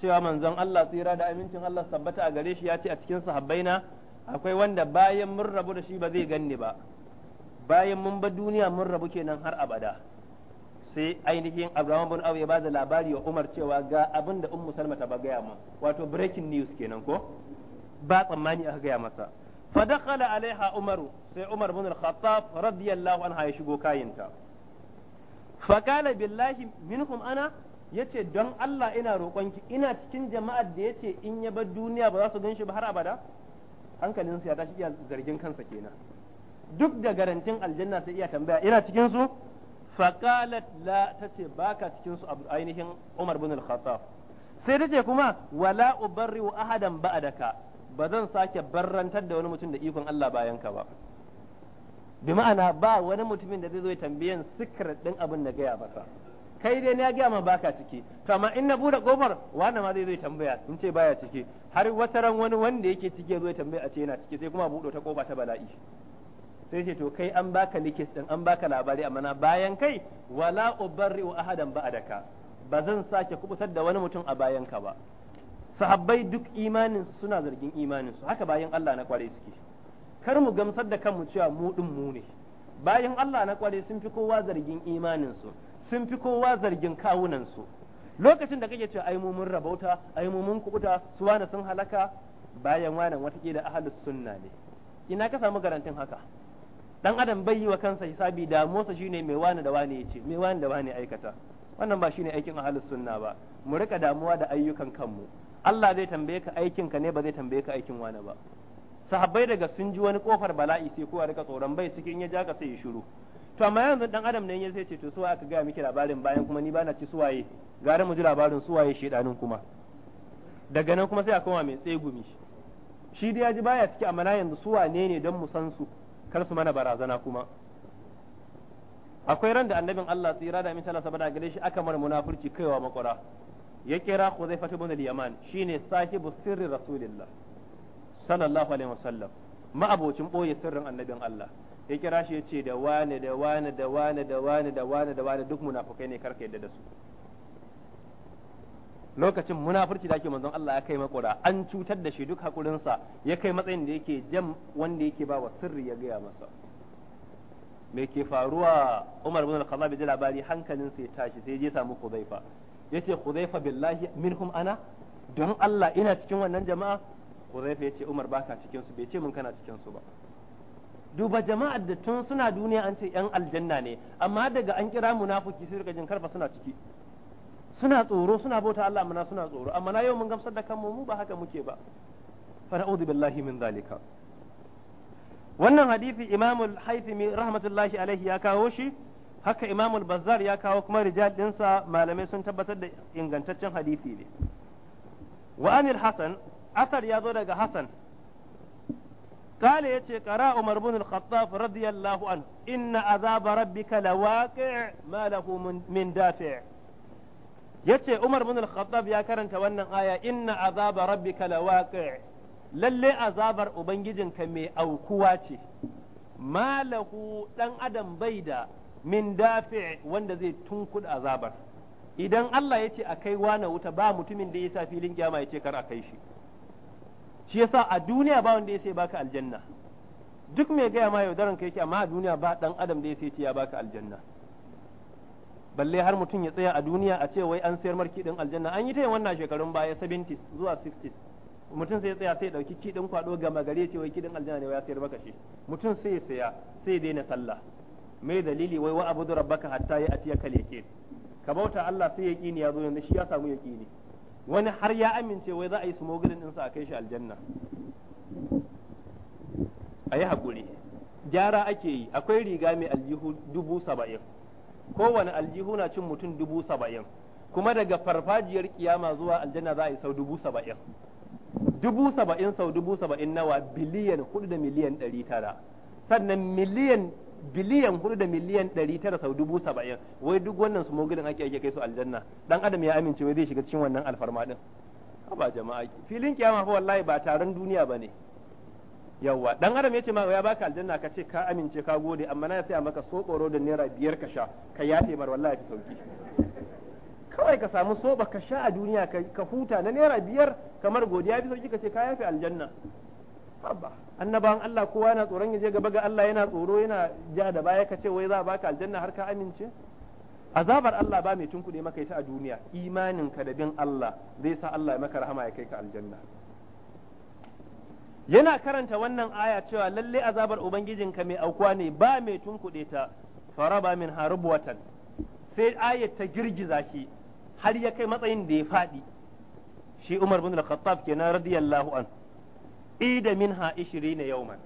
cewa manzon Allah tsira da amincin Allah sabbata a gare shi ya ce a cikin sahabbaina akwai wanda bayan mun rabu da shi ba zai ganni ba bayan mun ba duniya mun rabu kenan har abada sai ainihin Abraham bin Auf ya ba da labari wa Umar cewa ga abin da Ummu Salma ta gaya mu wato breaking news kenan ko ba tsammani aka gaya masa fa dakhala alaiha umaru sai umar bin al-khattab radiyallahu anha ya shigo kayinta fa qala billahi minhum ana yace don Allah ina roƙonki ina cikin jama'ar da yace in ya bar duniya ba za su gan shi ba har abada hankalinsa ya tashi iya zargin kansa kenan duk da garantin aljanna sai iya tambaya ina cikin su faqalat la tace baka cikin su abu ainihin Umar bin al-Khattab sai tace kuma wala ubarri ahadan ba'daka ba zan sake barrantar da wani mutum da ikon Allah bayan ka ba bi ma'ana ba wani mutumin da zai zo ya tambayan secret din abin da gaya maka kai dai na gaya ma baka ciki to in na bude kofar wani ma zai zo ya tambaya in ce baya ciki har wata ran wani wanda yake ciki zo ya tambaya a ce yana ciki sai kuma buɗe ta kofa ta bala'i sai ce to kai an baka likis din an baka labari amma na bayan kai wala ubarri wa ahadan ba'daka ba zan sake kubutar da wani mutum a bayan ka ba sahabbai duk imanin suna zargin imanin su haka bayan Allah na kware suke kar mu gamsar da kanmu cewa mu din mu ne bayan Allah na kware sun fi kowa zargin imanin su sun fi kowa zargin kawunan su lokacin da kake cewa ai mu mun rabauta ai mu mun kubuta su wani sun halaka bayan wannan wata da ahlus sunna ne ina ka samu garantin haka dan adam bai yi wa kansa hisabi da motsa shine mai wani da wani yace mai wani da wani aikata wannan ba shine aikin ahlus sunna ba mu rika damuwa da ayyukan kanmu Allah zai tambaye ka aikin ka ne ba zai tambaye ka aikin wani ba sahabbai daga sun ji wani kofar bala'i sai kowa rika tsoron bai cikin ya ja ka sai ya shiru to amma yanzu dan adam ne ya sai ce to suwa aka gaya miki labarin bayan kuma ni bana ci suwaye gara mu ji labarin suwaye shedanin kuma daga nan kuma sai a koma mai tsegumi shi dai ya ji baya ciki amma na yanzu suwa ne ne don mu san su kar su mana barazana kuma akwai ran da annabin Allah tsira da misala sallallahu gare shi aka mar munafurci kaiwa makwara ya kira Khuzaifa ibn al-Yaman shine sahibu sirri Rasulillah sallallahu alaihi wasallam ma'abocin boye sirrin annabin Allah ya kira shi yace da wane da wane da wane da wane da wane da wane duk munafikai ne karka yadda da su lokacin munafurci da ake manzon Allah ya kai makura an cutar da shi duk hakurinsa ya kai matsayin da yake jam wanda yake ba wa sirri ya gaya masa me ke faruwa Umar ibn Al-Khattab ji labari hankalinsa ya tashi sai ya je samu Khuzaifa yace Hudhaifa billahi minhum ana don Allah ina cikin wannan jama'a ya ce Umar baka cikin su bai ce mun kana cikin su ba duba jama'ar da tun suna duniya an ce yan aljanna ne amma daga an kira munafiki sai daga jin karfa suna ciki suna tsoro suna bauta Allah amma suna tsoro amma na yau mun gamsar da kanmu mu ba haka muke ba fa na'udhu billahi min zalika wannan hadisi imamul haifimi rahmatullahi alaihi ya kawo shi haka imamul bazzar ya kawo kuma rijal dinsa malamai sun tabbatar da ingantaccen hadisi ne wa anil hasan asar ya zo daga hasan kale yace qara umar bin al-khattab radiyallahu an inna azaba rabbika lawaqi' ma lahu min dafi' yace umar bin al-khattab ya karanta wannan aya inna azaba rabbika lawaqi' lalle azabar ubangijinka mai aukuwa ce malahu dan adam bai da min dafi wanda zai tunkuda azabar idan Allah ya ce a kai wane wuta ba mutumin da ya sa filin kiyama ya ce kar a kai shi shi yasa a duniya ba wanda ya sai baka aljanna duk mai gaya ma yaudaran kai yake amma a duniya ba dan adam da ya sai ce ya baka aljanna balle har mutum ya tsaya a duniya a ce wai an sayar marki din aljanna an yi ta wannan shekarun baya 70 zuwa 60 mutum sai ya tsaya sai dauki kidin kwado gama gare ce wai kidin aljanna ne ya sayar baka shi mutum sai ya saya sai ya daina sallah Mai dalili wai wa abudu rabbaka hatta ya atiya kal yaqin ka bauta Allah sai ya zo yanzu shi ya samu yaqini wani har ya amince wai za a yi smuggling din sa a kai shi aljanna ayi hakuri gyara ake yi akwai riga mai aljihu dubu saba'in kowane aljihu na cin mutum dubu saba'in kuma daga farfajiyar kiyama zuwa aljanna za a yi sau dubu saba'in dubu saba'in sau dubu saba'in nawa biliyan hudu da miliyan ɗari tara sannan miliyan biliyan hudu da miliyan ɗari tara sau dubu saba'in wai duk wannan su mogilin ake ake kai su aljanna dan adam ya amince wai zai shiga cikin wannan alfarma din ba jama'a filin kiyama fa wallahi ba taron duniya bane yawa dan adam ya ce ma ya baka aljanna ka ce ka amince ka gode amma na sai a maka soɓoro da naira biyar ka sha ka yafe mar wallahi fi sauki kawai ka samu soba ka sha a duniya ka huta na naira biyar kamar godiya fi sauki ka ce ka yafe aljanna annabawan Allah kowa yana tsoron yaje gaba ga Allah yana tsoro yana ja da baya ka ce wai za a baka aljanna har ka amince azabar Allah ba mai tunkuɗe maka ita a duniya imanin ka da bin Allah zai sa Allah ya maka rahama ya kai ka aljanna yana karanta wannan aya cewa lalle azabar Ubangijin ka mai aukuwa ne ba mai tunkuɗe ta faraba min harubwatan sai ayat ta girgiza shi har ya kai matsayin da ya faɗi shi Umar bin Al-Khattab kenan radiyallahu anhu ida min ha minha yau man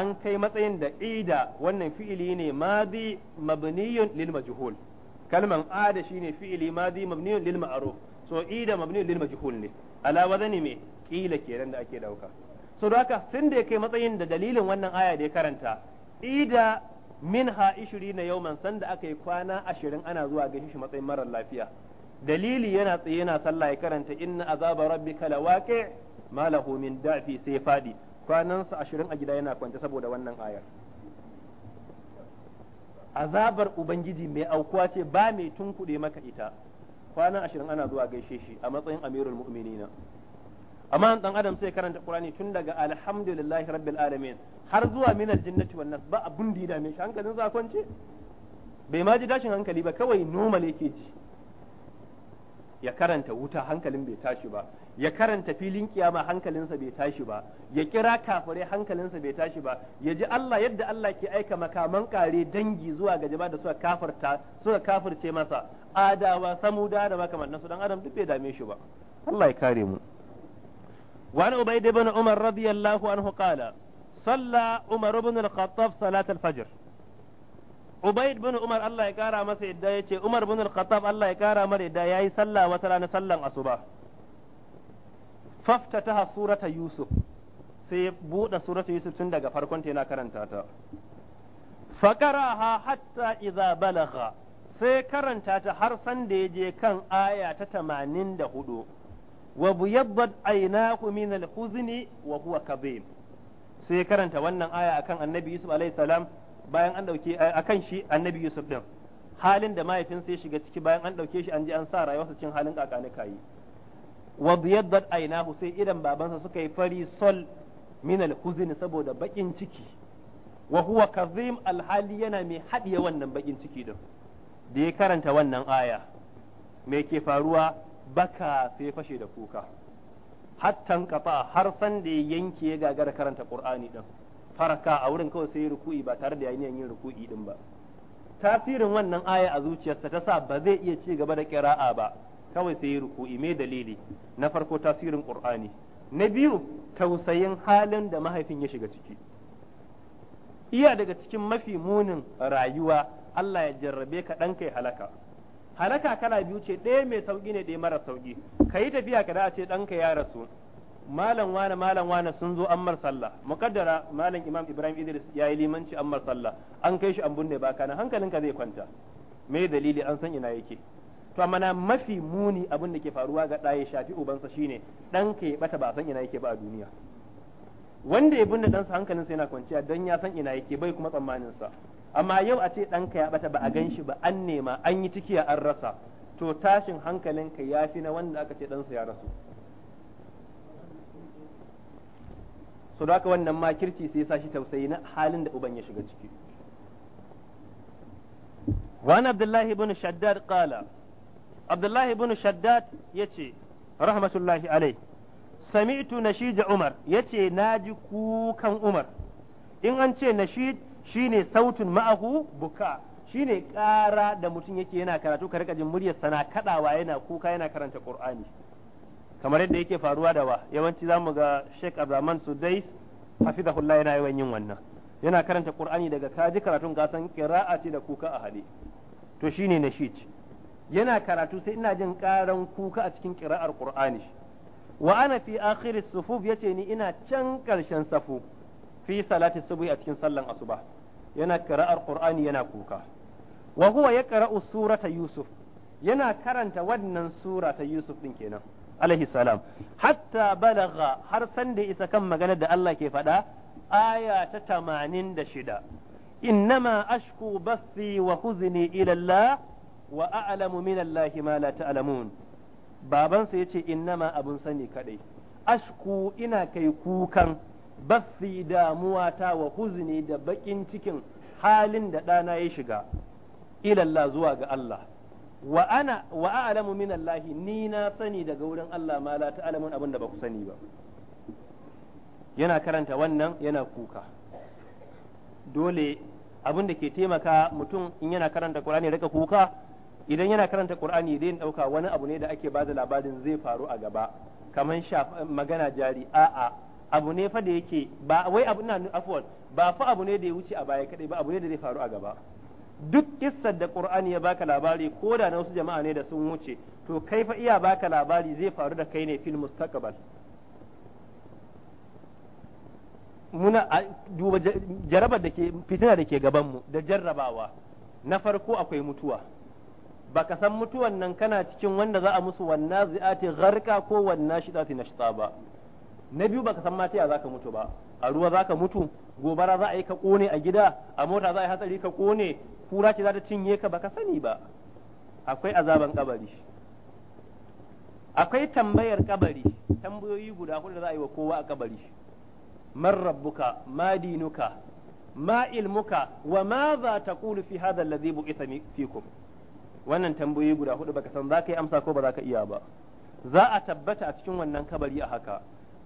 an kai matsayin da ida wannan fi'ili ne madi mabniyun lil majhul kalman ada shine fi'ili madi mabniyun lil ma'ruf so ida mabniyun lil majhul ne ala wazani me kila kenan da ake dauka so da haka tun da kai matsayin da dalilin wannan aya da ya karanta ida min ha minha yau san sanda aka yi kwana 20 ana zuwa gaishe shi matsayin marar lafiya dalili yana tsaye yana sallah ya karanta inna azaba rabbika lawaqi ma lahu min da'fi sai fadi sa ashirin a gida yana kwance saboda wannan ayar azabar ubangiji mai aukuwa ce ba mai tunkuɗe maka ita kwana ashirin ana zuwa gaishe shi a matsayin amirul mu'minina amma dan adam sai karanta qur'ani tun daga alhamdulillahi rabbil alamin har zuwa min jinnati wan nas ba abun da mai shi hankalin sa kwance bai ma ji dashin hankali ba kawai normal yake ji ya karanta wuta hankalin bai tashi ba ya karanta filin kiyama hankalinsa bai tashi ba ya kira kafare hankalinsa bai tashi ba ya ji Allah yadda Allah ke aika makaman kare dangi zuwa ga jama'a da suka kafirta suka kafirce masa adawa samuda da makamantan su dan adam duk bai dame shi ba Allah ya kare mu وعن عبيد بن عمر رضي الله عنه قال صلى عمر بن الخطاب صلاة الفجر Ubaid bin Umar Allah ya kara masa yadda ya ce Umar bin Al-Khattab Allah ya kara mara yadda ya yi sallah wata rana sallan asuba. Fafta ta surata Yusuf sai ya buɗe surata Yusuf tun daga farkon ta yana karanta ta. Fakaraha hatta iza balagha sai karanta ta har san da ya je kan aya ta tamanin da hudu. Wa buyabbad ainahu min al-huzni wa huwa kadhib. Sai karanta wannan aya akan Annabi Yusuf alaihi salam bayan an dauke kan shi annabi Yusuf ɗin. halin da mahaifinsa ya shiga ciki bayan an dauke shi an je an sa rayuwarsa cikin halin kakanika yi wa biyaddat aynahu sai idan babansa suka yi fari sol min al saboda bakin ciki wa huwa kazim alhali yana mai haɗiye wannan bakin ciki din da ya karanta wannan aya me ke faruwa baka sai fashe da kuka hattan kafa har san da ya yanke ya gagara karanta qur'ani din faraka a wurin kawai sai ruku'i ba tare da yayin yin ruku'i din ba tasirin wannan aya a zuciyarsa ta sa ba zai iya ci gaba da kira'a ba kawai sai ruku'i mai dalili na farko tasirin qur'ani na biyu tausayin halin da mahaifin ya shiga ciki iya daga cikin mafi munin rayuwa Allah ya jarrabe ka dan kai halaka halaka kala biyu ce ɗaya mai sauki ne ɗaya mara sauki ka yi tafiya ka da a ce ɗanka ya rasu malam wane malam wane sun zo ammar sallah mukaddara malam imam ibrahim idris ya yi limanci ammar sallah an kai shi an bunne ba kana hankalinka zai kwanta me dalili an san ina yake to amma na mafi muni abin da ke faruwa ga ɗaya shafi ubansa shine ka ya bata ba san ina yake ba a duniya wanda ya binne hankalin hankalinsa yana kwanciya dan ya san ina yake bai kuma tsammanin sa amma yau a ce dan ka ya bata ba a gan shi ba an nema an yi tikiya an rasa to tashin hankalinka ya fi na wanda aka ce sa ya rasu so da haka wannan makirci sai sashi sa shi tausayi na halin da uban ya shiga ciki وعن عبد الله بن شداد قال عبد الله بن umar يتي رحمة الله nashid umar نشيد عمر يتي ناجي كوكان عمر إن أنت نشيد shine sautin ma'ahu buka shine ƙara da mutum yake yana karatu ka rika jin muryar sana kadawa yana kuka yana karanta qur'ani kamar yadda yake faruwa da wa yawanci zamu ga Sheikh Abdulrahman Sudais hafizahullah yana yawan yin wannan yana karanta Qur'ani daga kaji karatun ka san da kuka a hade to shine nashid yana karatu sai ina jin karan kuka a cikin kiraar Qur'ani wa ana fi akhir sufuf yace ni ina can karshen safu fi salati subhi a cikin sallan asuba yana qira'ar Qur'ani yana kuka wa huwa yaqra'u surata Yusuf yana karanta wannan surata Yusuf din kenan alaihi salam hatta balaga har san da isa kan magana da Allah ke faɗa aya ta tamanin da shida innama ashku bathi wa huzni ila Allah wa a'lamu min Allah ma la ta'lamun sa yace innama abun sani kadai ashku ina kai kukan bathi damuwa ta wa huzni da bakin cikin halin da dana ya shiga ila Allah zuwa ga Allah wa ana wa a'lamu min Allah ni na sani daga wurin Allah ma la ta'lamun abin da ba ku sani ba yana karanta wannan yana kuka dole abin da ke taimaka mutum in yana karanta Qur'ani rika kuka idan yana karanta Qur'ani zai dauka wani abu ne da ake bada labarin zai faru a gaba kamar magana jari a'a abu ne fa da yake ba wai abu na afwan ba fa abu ne da ya wuce a baya kadai ba abu ne da zai faru a gaba duk kissar da qur'ani ya baka labari ko da na wasu jama'a ne da sun wuce to kai fa iya baka labari zai faru da kai ne fil mustaqbal muna duba jarabar da ke fitina da ke gabanmu da jarrabawa na farko akwai mutuwa baka san mutuwan nan kana cikin wanda za a musu wanna zi'ati gharka ko wanna shidati nashta ba na biyu baka san mata za ka mutu ba a ruwa zaka mutu gobara za a yi ka kone a gida a mota za a yi hatsari ka kone kura ce za ta cinye ka baka sani ba akwai azaban kabari akwai tambayar kabari tambayoyi guda hudu da za a yi wa kowa a kabari man rabbuka ma dinuka ma ilmuka wa ma za ta kulu fi hadha alladhi bu'itha fikum wannan tambayoyi guda hudu baka san za ka yi amsa ko ba za ka iya ba za a tabbata a cikin wannan kabari a haka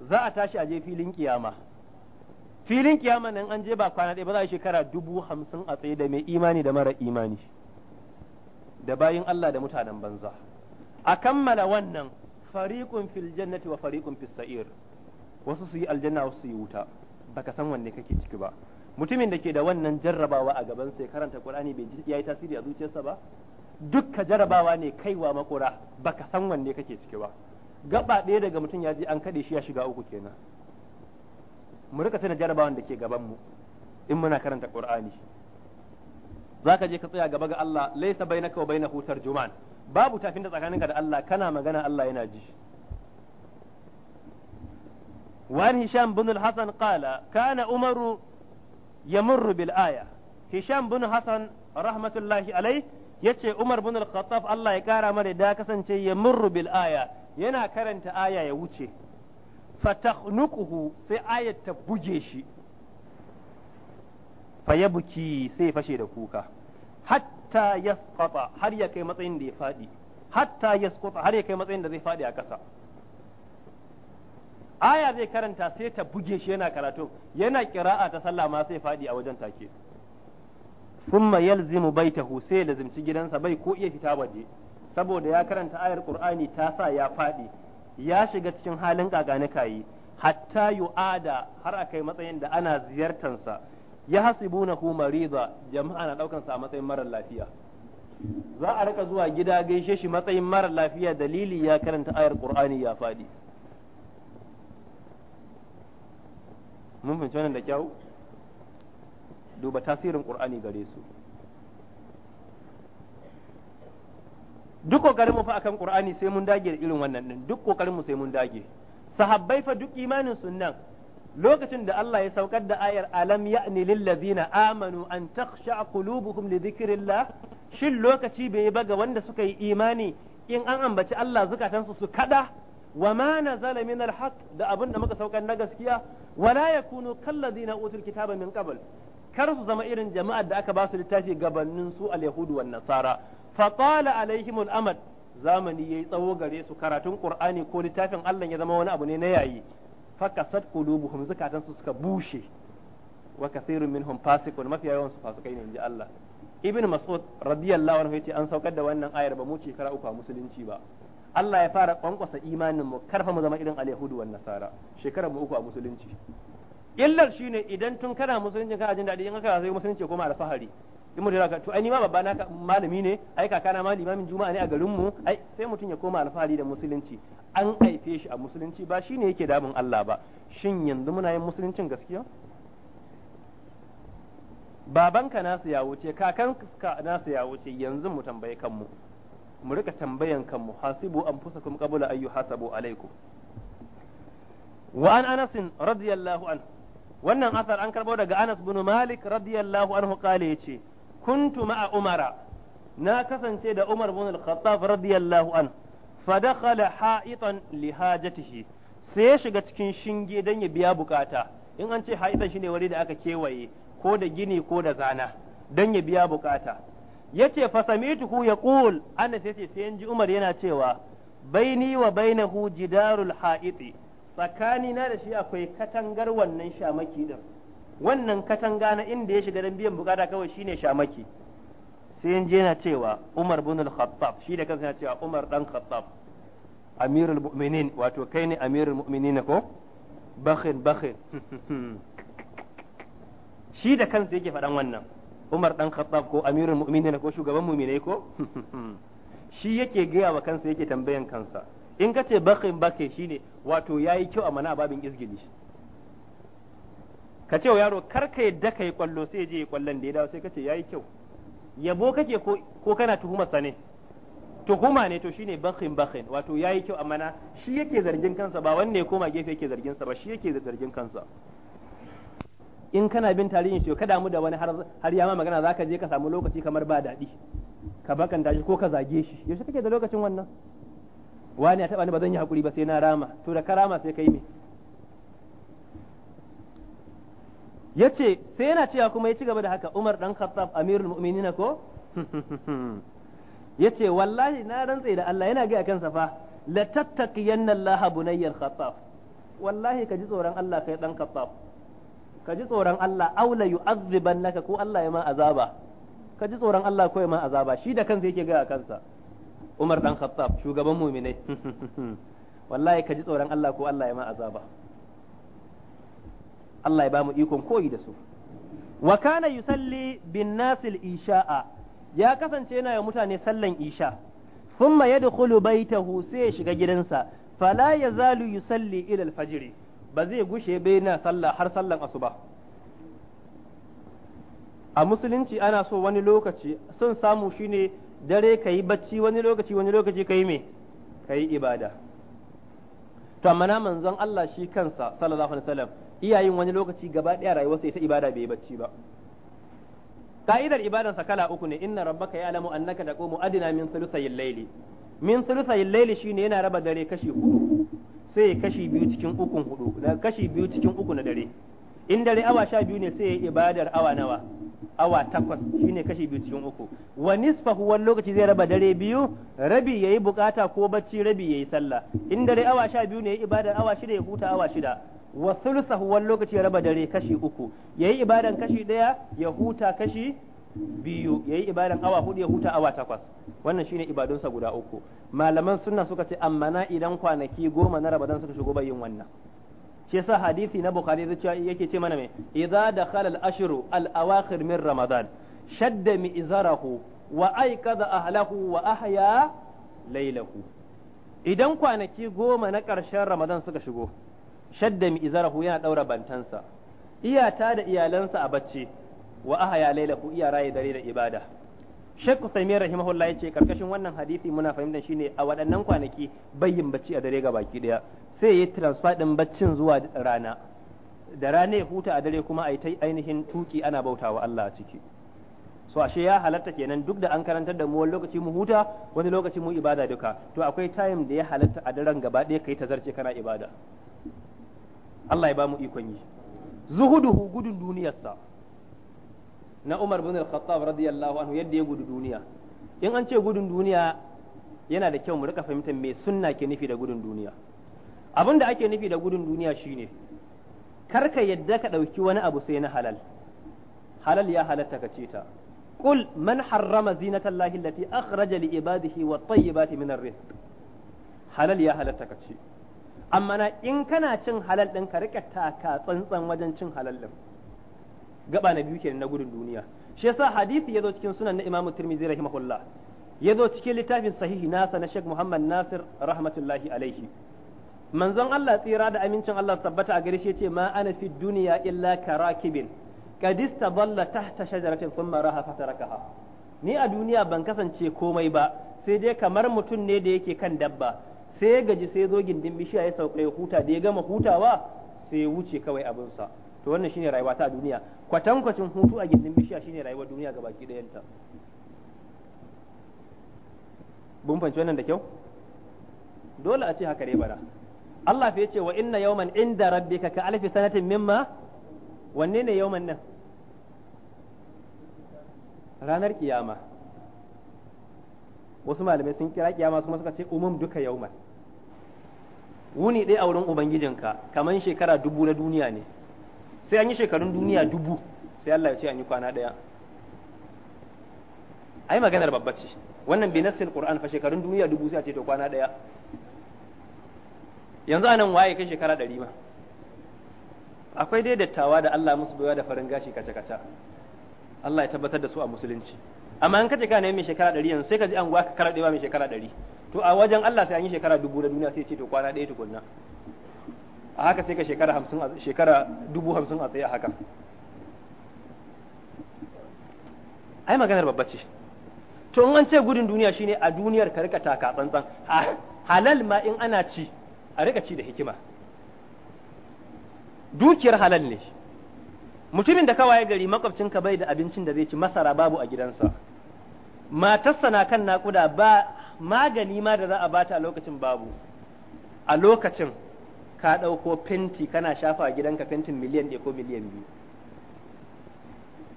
za a tashi a je filin kiyama filin kiyama nan an je ba kwana ɗaya ba za a shekara dubu hamsin a tsaye da mai imani da mara imani da bayin Allah da mutanen banza a kammala wannan fariƙun fil jannati wa fariƙun fil sa'ir wasu su yi aljanna wasu su yi wuta baka san wanne kake ciki ba mutumin da ke da wannan jarrabawa a gaban sai karanta qur'ani bai ji yayi tasiri a zuciyarsa ba dukka jarrabawa ne kaiwa makura baka san wanne kake ciki ba gaba ɗaya daga mutum ya je an kade shi ya shiga uku kenan mu rika na jarabawan da ke gaban mu in muna karanta qur'ani zaka je ka tsaya gaba ga Allah laysa bainaka wa bainahu tarjuman babu tafin da tsakaninka da Allah kana magana Allah yana ji hisham هشام بن الحسن قال كان عمر يمر bil aya hisham حسن رحمة rahmatullahi عليه yace Umar bin Al-Khattab Allah ya kara mana da kasance ya murru bil aya yana karanta aya ya wuce fatakhnuquhu sai ayat ta buge shi fayabuki sai fashe da kuka hatta yasqata har ya kai matsayin da ya fadi hatta yasqata har ya kai matsayin da zai fadi a ƙasa aya zai karanta sai ta buge shi yana karatu yana kira'a ta sallah ma sai fadi a wajen take thumma yalzimu baitahu sai lazimci gidansa bai ko iya fita je. saboda ya karanta ayar qur'ani ta sa ya fadi ya shiga cikin halin kakani kayi hatta yu'ada har a kai matsayin da ana ziyartansa ya hu mariza jama'a na daukan sa a matsayin marar lafiya za a rika zuwa gida gaishe shi matsayin marar lafiya dalili ya karanta ayar qur'ani ya fadi mun fahimci wannan da kyau duba tasirin qur'ani gare su duk kokarin mu fa akan qur'ani sai mun dage da irin wannan din duk kokarin mu sai mun dage sahabbai fa duk imanin sunnan lokacin da Allah ya saukar da ayar alam ya'ni lil ladzina amanu an takhsha qulubuhum li dhikrillah shin lokaci bai ba ga wanda suka yi imani in an ambaci Allah zukatansu su kada wa ma nazala min al da abin da muka saukar na gaskiya wala yakunu kal ladzina utul kitaba min qabl kar su zama irin jama'ar da aka ba su littafi gabanin su al-yahudu wan nasara fatala alaihim al'amad zamani yayi tsawo gare su karatun qur'ani ko littafin Allah ya zama wani abu ne na yayi fakasat qulubuhum zakatan su suka bushe wa kathirun minhum fasiqun mafi yawan su fasikai ne inji Allah ibn mas'ud radiyallahu anhu yace an saukar da wannan ayar ba mu shekara uku a musulunci ba Allah ya fara kwankwasa imanin mu karfa mu zama irin al wan nasara shekarar mu uku a musulunci illar shine idan tun kana musulunci kana jin daɗi in aka sai musulunci kuma alfahari in mutum yana to ai ni ma babba na malami ne ai kakana ma limamin juma'a ne a garin mu ai sai mutum ya koma alfahari da musulunci an aife shi a musulunci ba shine yake damun Allah ba shin yanzu muna yin musuluncin gaskiya babanka nasu ya wuce kakanka nasu ya wuce yanzu mu tambaye kanmu mu rika tambayan kanmu hasibu anfusakum qabla ayyu hasabu alaikum wa an anas radiyallahu anhu wannan asar an karbo daga Anas bin Malik radiyallahu anhu kale yace كنت مع umara na kasance da umar بن الخطاب رضي radiyallahu an fa حائطا لحاجته li sai ya shiga cikin shinge dan ya biya bukata in an ce ha'itan shine wuri da aka kewaye ko da gini ko da zana dan ya biya bukata yace fa sami'tuhu yaqul annas yace sai ji umar yana cewa baini wa bainahu jidarul ha'iti tsakani na da shi akwai katangar wannan shamaki din wannan katanga na inda ya shiga dan biyan bukata kawai shine shamaki sai in je na cewa Umar bin al-Khattab shi da kansa yana cewa Umar dan Khattab Amirul Mu'minin wato kai ne Amirul Mu'minin ko bakhin bakhin shi da kansa yake faɗan wannan Umar dan Khattab ko Amirul Mu'minin ko shugaban mu'minai ko shi yake gaya wa kansa yake tambayan kansa in ka ce bakin bake shine wato yayi kyau a mana babin izgili ka ce wa yaro kar ka yadda ka yi kwallo sai je yi kwallon da ya dawo sai ka ce ya yi kyau yabo kake ko kana tuhumar sa ne tuhuma ne to shine bakhin bakhin wato ya yi kyau amma na shi yake zargin kansa ba wanne ya koma gefe yake zargin sa ba shi yake zargin kansa in kana bin tarihin shi ka damu da wani har ya ma magana zaka je ka samu lokaci kamar ba daɗi ka bakanta shi ko ka zage shi yaushe kake da lokacin wannan wani ya taba ni ba zan yi hakuri ba sai na rama to da karama sai kai me yace sai yana cewa kuma ya ci gaba da haka Umar dan Khattab Amirul Mu'minin ko yace wallahi na rantse da Allah yana ga kansa fa la tattaqiyanna Allah bunayyal Khattab wallahi ka ji tsoron Allah kai dan Khattab ka ji tsoron Allah aula yu'azzibannaka ko Allah ya ma azaba ka ji tsoron Allah ko ya ma azaba shi da kansa yake ga kansa Umar dan Khattab shugaban mu'minai wallahi ka ji tsoron Allah ko Allah ya ma azaba Allah ya ba mu ikon koyi da su wa kana yusalli bin nasil isha'a ya kasance yana yi mutane sallan isha thumma ya baitahu sai ya shiga gidansa fala yazalu yusalli ila fajiri. ba zai gushe bai na sallah har sallan asuba a musulunci ana so wani lokaci sun samu shine dare kayi bacci wani lokaci wani lokaci yi me yi ibada to amma manzon Allah shi kansa sallallahu alaihi wasallam iyayen wani lokaci gaba ɗaya rayuwarsa ita ibada bai bacci ba ka'idar ibadarsa kala uku ne inna rabbaka ya'lamu annaka taqumu adna min thulutsayil layli min thulutsayil layli shine yana raba dare kashi hudu sai kashi biyu cikin ukun hudu da kashi biyu cikin uku na dare in dare awa sha biyu ne sai ibadar awa nawa awa takwas shine kashi biyu cikin uku wa nisfahu wal lokaci zai raba dare biyu rabi yayi bukata ko bacci rabi yayi sallah in dare awa sha biyu ne ibadar awa shida ya huta awa shida wa thuluthahu wani lokaci ya raba dare kashi uku yayi ibadan kashi ɗaya ya huta kashi biyu yi ibadan awa hudu ya huta awa takwas wannan shine ibadunsa guda uku malaman suna suka ce amma na idan kwanaki goma na rabadan suka shigo yin wannan shi yasa hadisi na bukhari yake ce mana mai idza dakhala al-ashru al-awakhir min ramadan shadda mi'zarahu wa aykadha ahlahu wa ahya laylahu idan kwanaki goma na ƙarshen ramadan suka shigo shadda mi izarahu yana daura bantansa iyata da iyalansa a bacci wa ahaya lailahu iya raye dare da ibada Sheikh Uthaymeen rahimahullah ce karkashin wannan hadisi muna fahimtar shine a waɗannan kwanaki bayyin bacci a dare ga baki daya sai yayi transfer din baccin zuwa rana da rana ya huta a dare kuma ai ta ainihin tuki ana bautawa Allah a ciki to ashe ya halatta kenan duk da an karantar da mu lokaci mu huta wani lokaci mu ibada duka to akwai time da ya halatta a daren gaba ɗaya kai tazarce kana ibada Allah ya ba mu ikon yi zuhuduhu gudun duniyarsa na Umar bin Al-Khattab radiyallahu anhu yadda ya gudu duniya in an ce gudun duniya yana da kyau mu rika fahimtar me sunna ke nufi da gudun duniya abin da ake nufi da gudun duniya shine kar ka yadda ka ɗauki wani abu sai na halal halal ya halatta ka ce ta قل من حرم زينة الله التي أخرج لعباده والطيبات من الرزق حلال يا ka تكتشي amma na in kana cin halal din ka rika taka tsantsan wajen cin halal din gaba na biyu kenan na gudun duniya shi yasa hadisi yazo cikin sunan na Imam Tirmidhi rahimahullah zo cikin littafin sahihi nasa na Sheikh Muhammad Nasir rahmatullahi alaihi manzon Allah tsira da amincin Allah sabbata a gare shi yace ma ana fi duniya illa karakibin qad istadalla tahta shajaratin thumma raha fatarakaha ni a duniya ban kasance komai ba sai dai kamar mutum ne da yake kan dabba sai ya gaji sai ya zo gindin bishiya ya sauka ya huta da ya gama hutawa sai ya wuce kawai abinsa to wannan shine rayuwa ta duniya kwatankwacin hutu a gindin bishiya shine rayuwar duniya ga baki ta bun fanci wannan da kyau dole a ce haka ne bara Allah fa yace wa inna yawman inda rabbika ka alfi sanatin mimma wanne ne yawman nan ranar kiyama wasu malamai sun kira kiyama kuma suka ce umum duka yauman wuni ɗaya a wurin ubangijinka kamar shekara dubu na duniya ne sai an yi shekarun duniya dubu sai Allah ya ce an yi kwana ɗaya yi maganar babbaci, wannan bi nassil qur'an fa shekarun duniya dubu sai a ce to kwana ɗaya yanzu anan waye kai shekara ɗari ma akwai dai dattawa da Allah musu baiwa da farin gashi kaca kaca Allah ya tabbatar da su a musulunci amma in kace ka ne mai shekara ɗari yanzu sai ka ji an gwa ka karaɗewa mai shekara ɗari to a wajen Allah sai an yi shekara dubu da duniya sai ce to kwana ɗaya tukunna a haka sai ka shekara hamsin shekara dubu hamsin a tsaye a haka ai maganar babba ce to in an ce gudun duniya shine a duniyar ka rika taka tsantsan halal ma in ana ci a rika ci da hikima dukiyar halal ne mutumin da kawai gari makwabcinka bai da abincin da zai ci masara babu a gidansa matarsa na kan naƙuda ba magani ma da za a bata a lokacin babu a lokacin ka ɗauko fenti kana shafa a gidanka fentin miliyan ɗaya ko miliyan biyu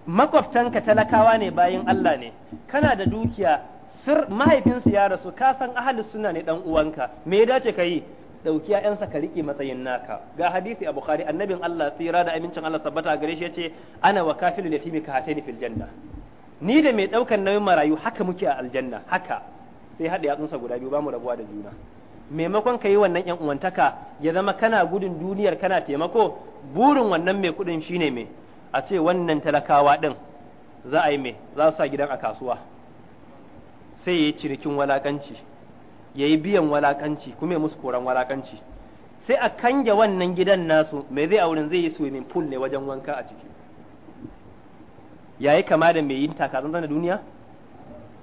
makwabtanka talakawa ne bayan Allah ne kana da dukiya sir mahaifinsu ya rasu ka san ahalin suna ne ɗan uwanka me ya dace ka yi dauki ƴaƴansa ka riƙe matsayin naka ga hadisi a bukhari annabin Allah tsira da amincin Allah sabbata gare shi ce ana wa kafilul yatimi ka hatani fil janna ni da mai daukan nauyin marayu haka muke a aljanna haka sai haɗa yatsunsa guda biyu bamu rabuwa da juna maimakon ka yi wannan yan uwantaka ya zama kana gudun duniyar kana taimako burin wannan mai kuɗin shine me a ce wannan talakawa ɗin za a yi me za su sa gidan a kasuwa sai ya yi cinikin walakanci ya yi biyan walakanci kuma ya musu koran walakanci sai a kange wannan gidan nasu mai zai auren zai yi swimming pool ne wajen wanka a ciki yayi kama da mai yin takatsan da duniya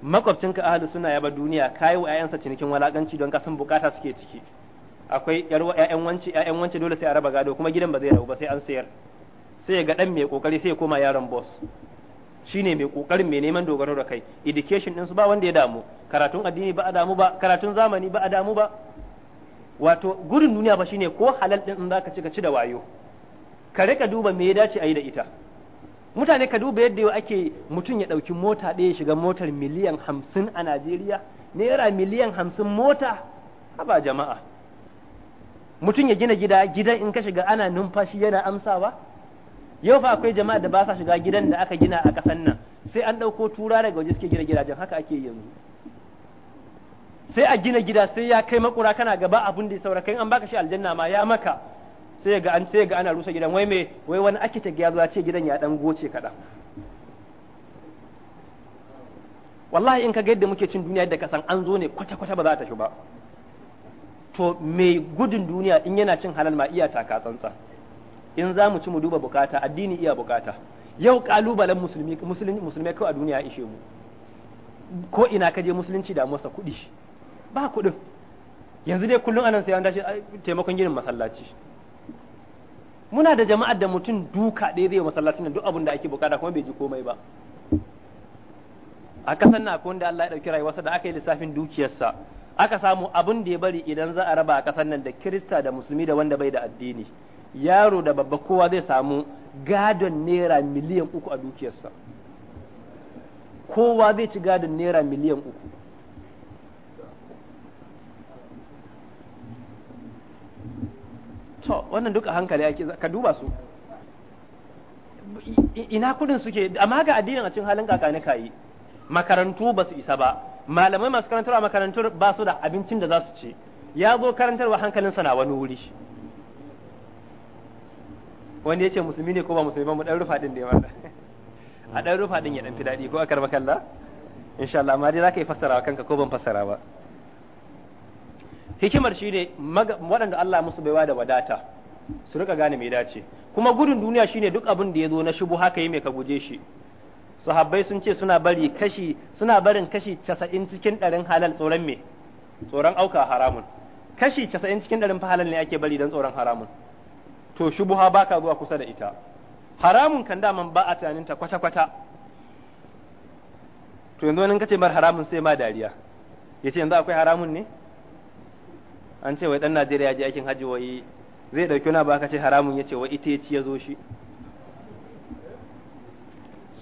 makwabcinka ahalu suna yaba duniya kayi wa ƴaƴansa cinikin walakanci don kasan bukata suke ciki akwai yar ƴaƴan wanci ƴaƴan wanci dole sai a raba gado kuma gidan ba zai rabu ba sai an sayar sai ga dan mai kokari sai ya koma yaron boss shine mai kokarin mai neman dogaro da kai education din su ba wanda ya damu karatun addini ba a damu ba karatun zamani ba a damu ba wato gurin duniya ba shine ko halal din in zaka ci ka ci da wayo ka rika duba me ya dace a yi da ita mutane ka duba yadda yau ake mutum ya ɗauki mota ɗaya shiga motar miliyan hamsin a najeriya naira miliyan hamsin mota haba jama'a mutum ya gina gida gidan in ka shiga ana numfashi yana amsawa yau fa akwai jama'a da ba sa shiga gidan da aka gina a ƙasan nan sai an ɗauko tura daga waje suke gina gidajen haka ake yanzu sai a gina gida sai ya kai makura kana gaba abun da ya saura kai an baka shi aljanna ma ya maka sai ga an sai ga ana rusa gidan wai me wai wani ake ta zo ya ce gidan ya dan goce kaɗan wallahi in ka ga yadda muke cin duniya yadda kasan an zo ne kwata kwata ba za ta shi ba to mai gudun duniya in yana cin halal ma iya taka tsantsa in za mu ci mu duba bukata addini iya bukata yau kalubalen musulmi musulmi kawai a duniya ishe mu ko ina ka je musulunci da masa kuɗi ba kuɗin yanzu dai kullum anan sai an dace taimakon ginin masallaci muna da jama'ar da mutum duka ɗaya zai masallacin nan duk abin da ake bukata kuma bai ji komai ba a kasan na akwai wanda Allah ya ɗauki rayuwarsa da aka yi lissafin dukiyarsa aka samu abin da ya bari idan za a raba a kasan nan da kirista da musulmi da wanda bai da addini yaro da babba kowa zai samu gadon naira miliyan uku a dukiyarsa kowa zai ci gadon naira miliyan uku to wannan duka hankali ake ka duba su ina kudin suke amma ga addinin a cikin halin kakani kayi makarantu ba su isa ba malamai masu karantar a makarantar ba su da abincin da za su ci ya zo karantarwa hankalin na wani wuri wanda ya ce musulmi ne ko ba musulmi ba mu dan rufa din da ya mata a dan rufa din ya dan fi daɗi ko a karba kalla insha Allah amma dai zaka yi wa kanka ko ban fassara ba hikimar shi ne waɗanda Allah musu baiwa da wadata su rika gane mai dace kuma gudun duniya shine duk abin da ya zo na shubu haka yi mai ka guje shi sahabbai sun ce suna bari kashi suna barin kashi casa'in cikin ɗarin halal tsoron me tsoron auka haramun kashi casa'in cikin ɗarin fa halal ne ake bari don tsoron haramun to shubuha ba ka zuwa kusa da ita haramun kan daman ba a tunanin ta kwata-kwata to yanzu wani kace bar haramun sai ma dariya yace yanzu akwai haramun ne an ce wai dan Najeriya je aikin haji wai zai dauki na ba ka ce haramun yace wai ita ya zo shi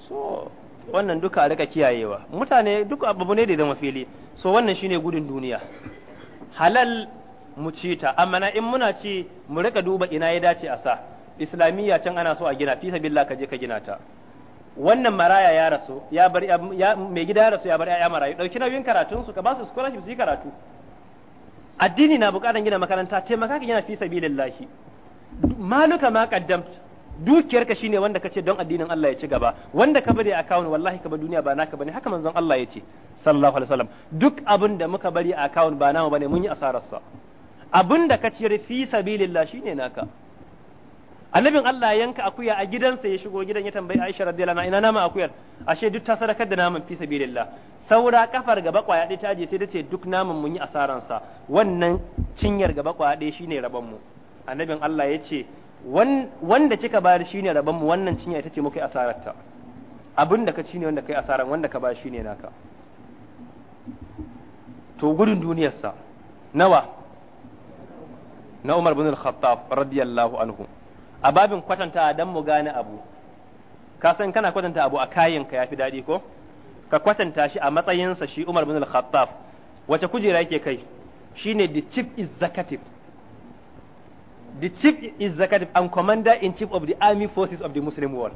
so wannan duka a rika kiyayewa mutane duk abu ne da zama fili so wannan shine gudun duniya halal mu ci ta amma na in muna ci mu rika duba ina ya dace a sa islamiyya can ana so a gina fi sabilillah ka je ka gina ta wannan maraya ya rasu ya bar ya mai gida ya rasu ya bar ya marayu dauki nauyin karatun su ka ba su scholarship su yi karatu addini na bukatar gina makaranta taimaka ka yana fi sabilillahi maluka ma kaddam dukiyarka shine wanda kace don addinin Allah ya ci gaba wanda ka bari account wallahi ka ba duniya ba naka bane haka manzon Allah ya ce sallallahu alaihi wasallam duk abin da muka bari account ba namu bane mun yi asarar sa abin da ka fi fi sabilillah shine naka annabin Allah ya yanka akuya a gidansa ya shigo gidan ya tambayi Aisha radiyallahu anha ina nama akuyar ashe duk ta sadakar da naman fi sabilillah saura kafar gaba kwaya ɗaya ta je sai ta ce duk naman mun yi asaransa wannan cinyar gaba kwaya ɗaya shine rabon mu annabin Allah ya ce wanda kika bayar shine rabon mu wannan cinya ita ce muka yi asararta abin da ka ci ne wanda kai asaran wanda ka shi shine naka to gudun duniyarsa nawa na Umar bin Al-Khattab radiyallahu anhu a babin kwatanta dan mu gane abu ka san kana kwatanta abu a kayan ka yafi daɗi ko ka kwatanta shi a matsayinsa shi Umar bin Al-Khattab wace kujera yake kai shine the chief executive the chief executive and commander in chief of the army forces of the Muslim world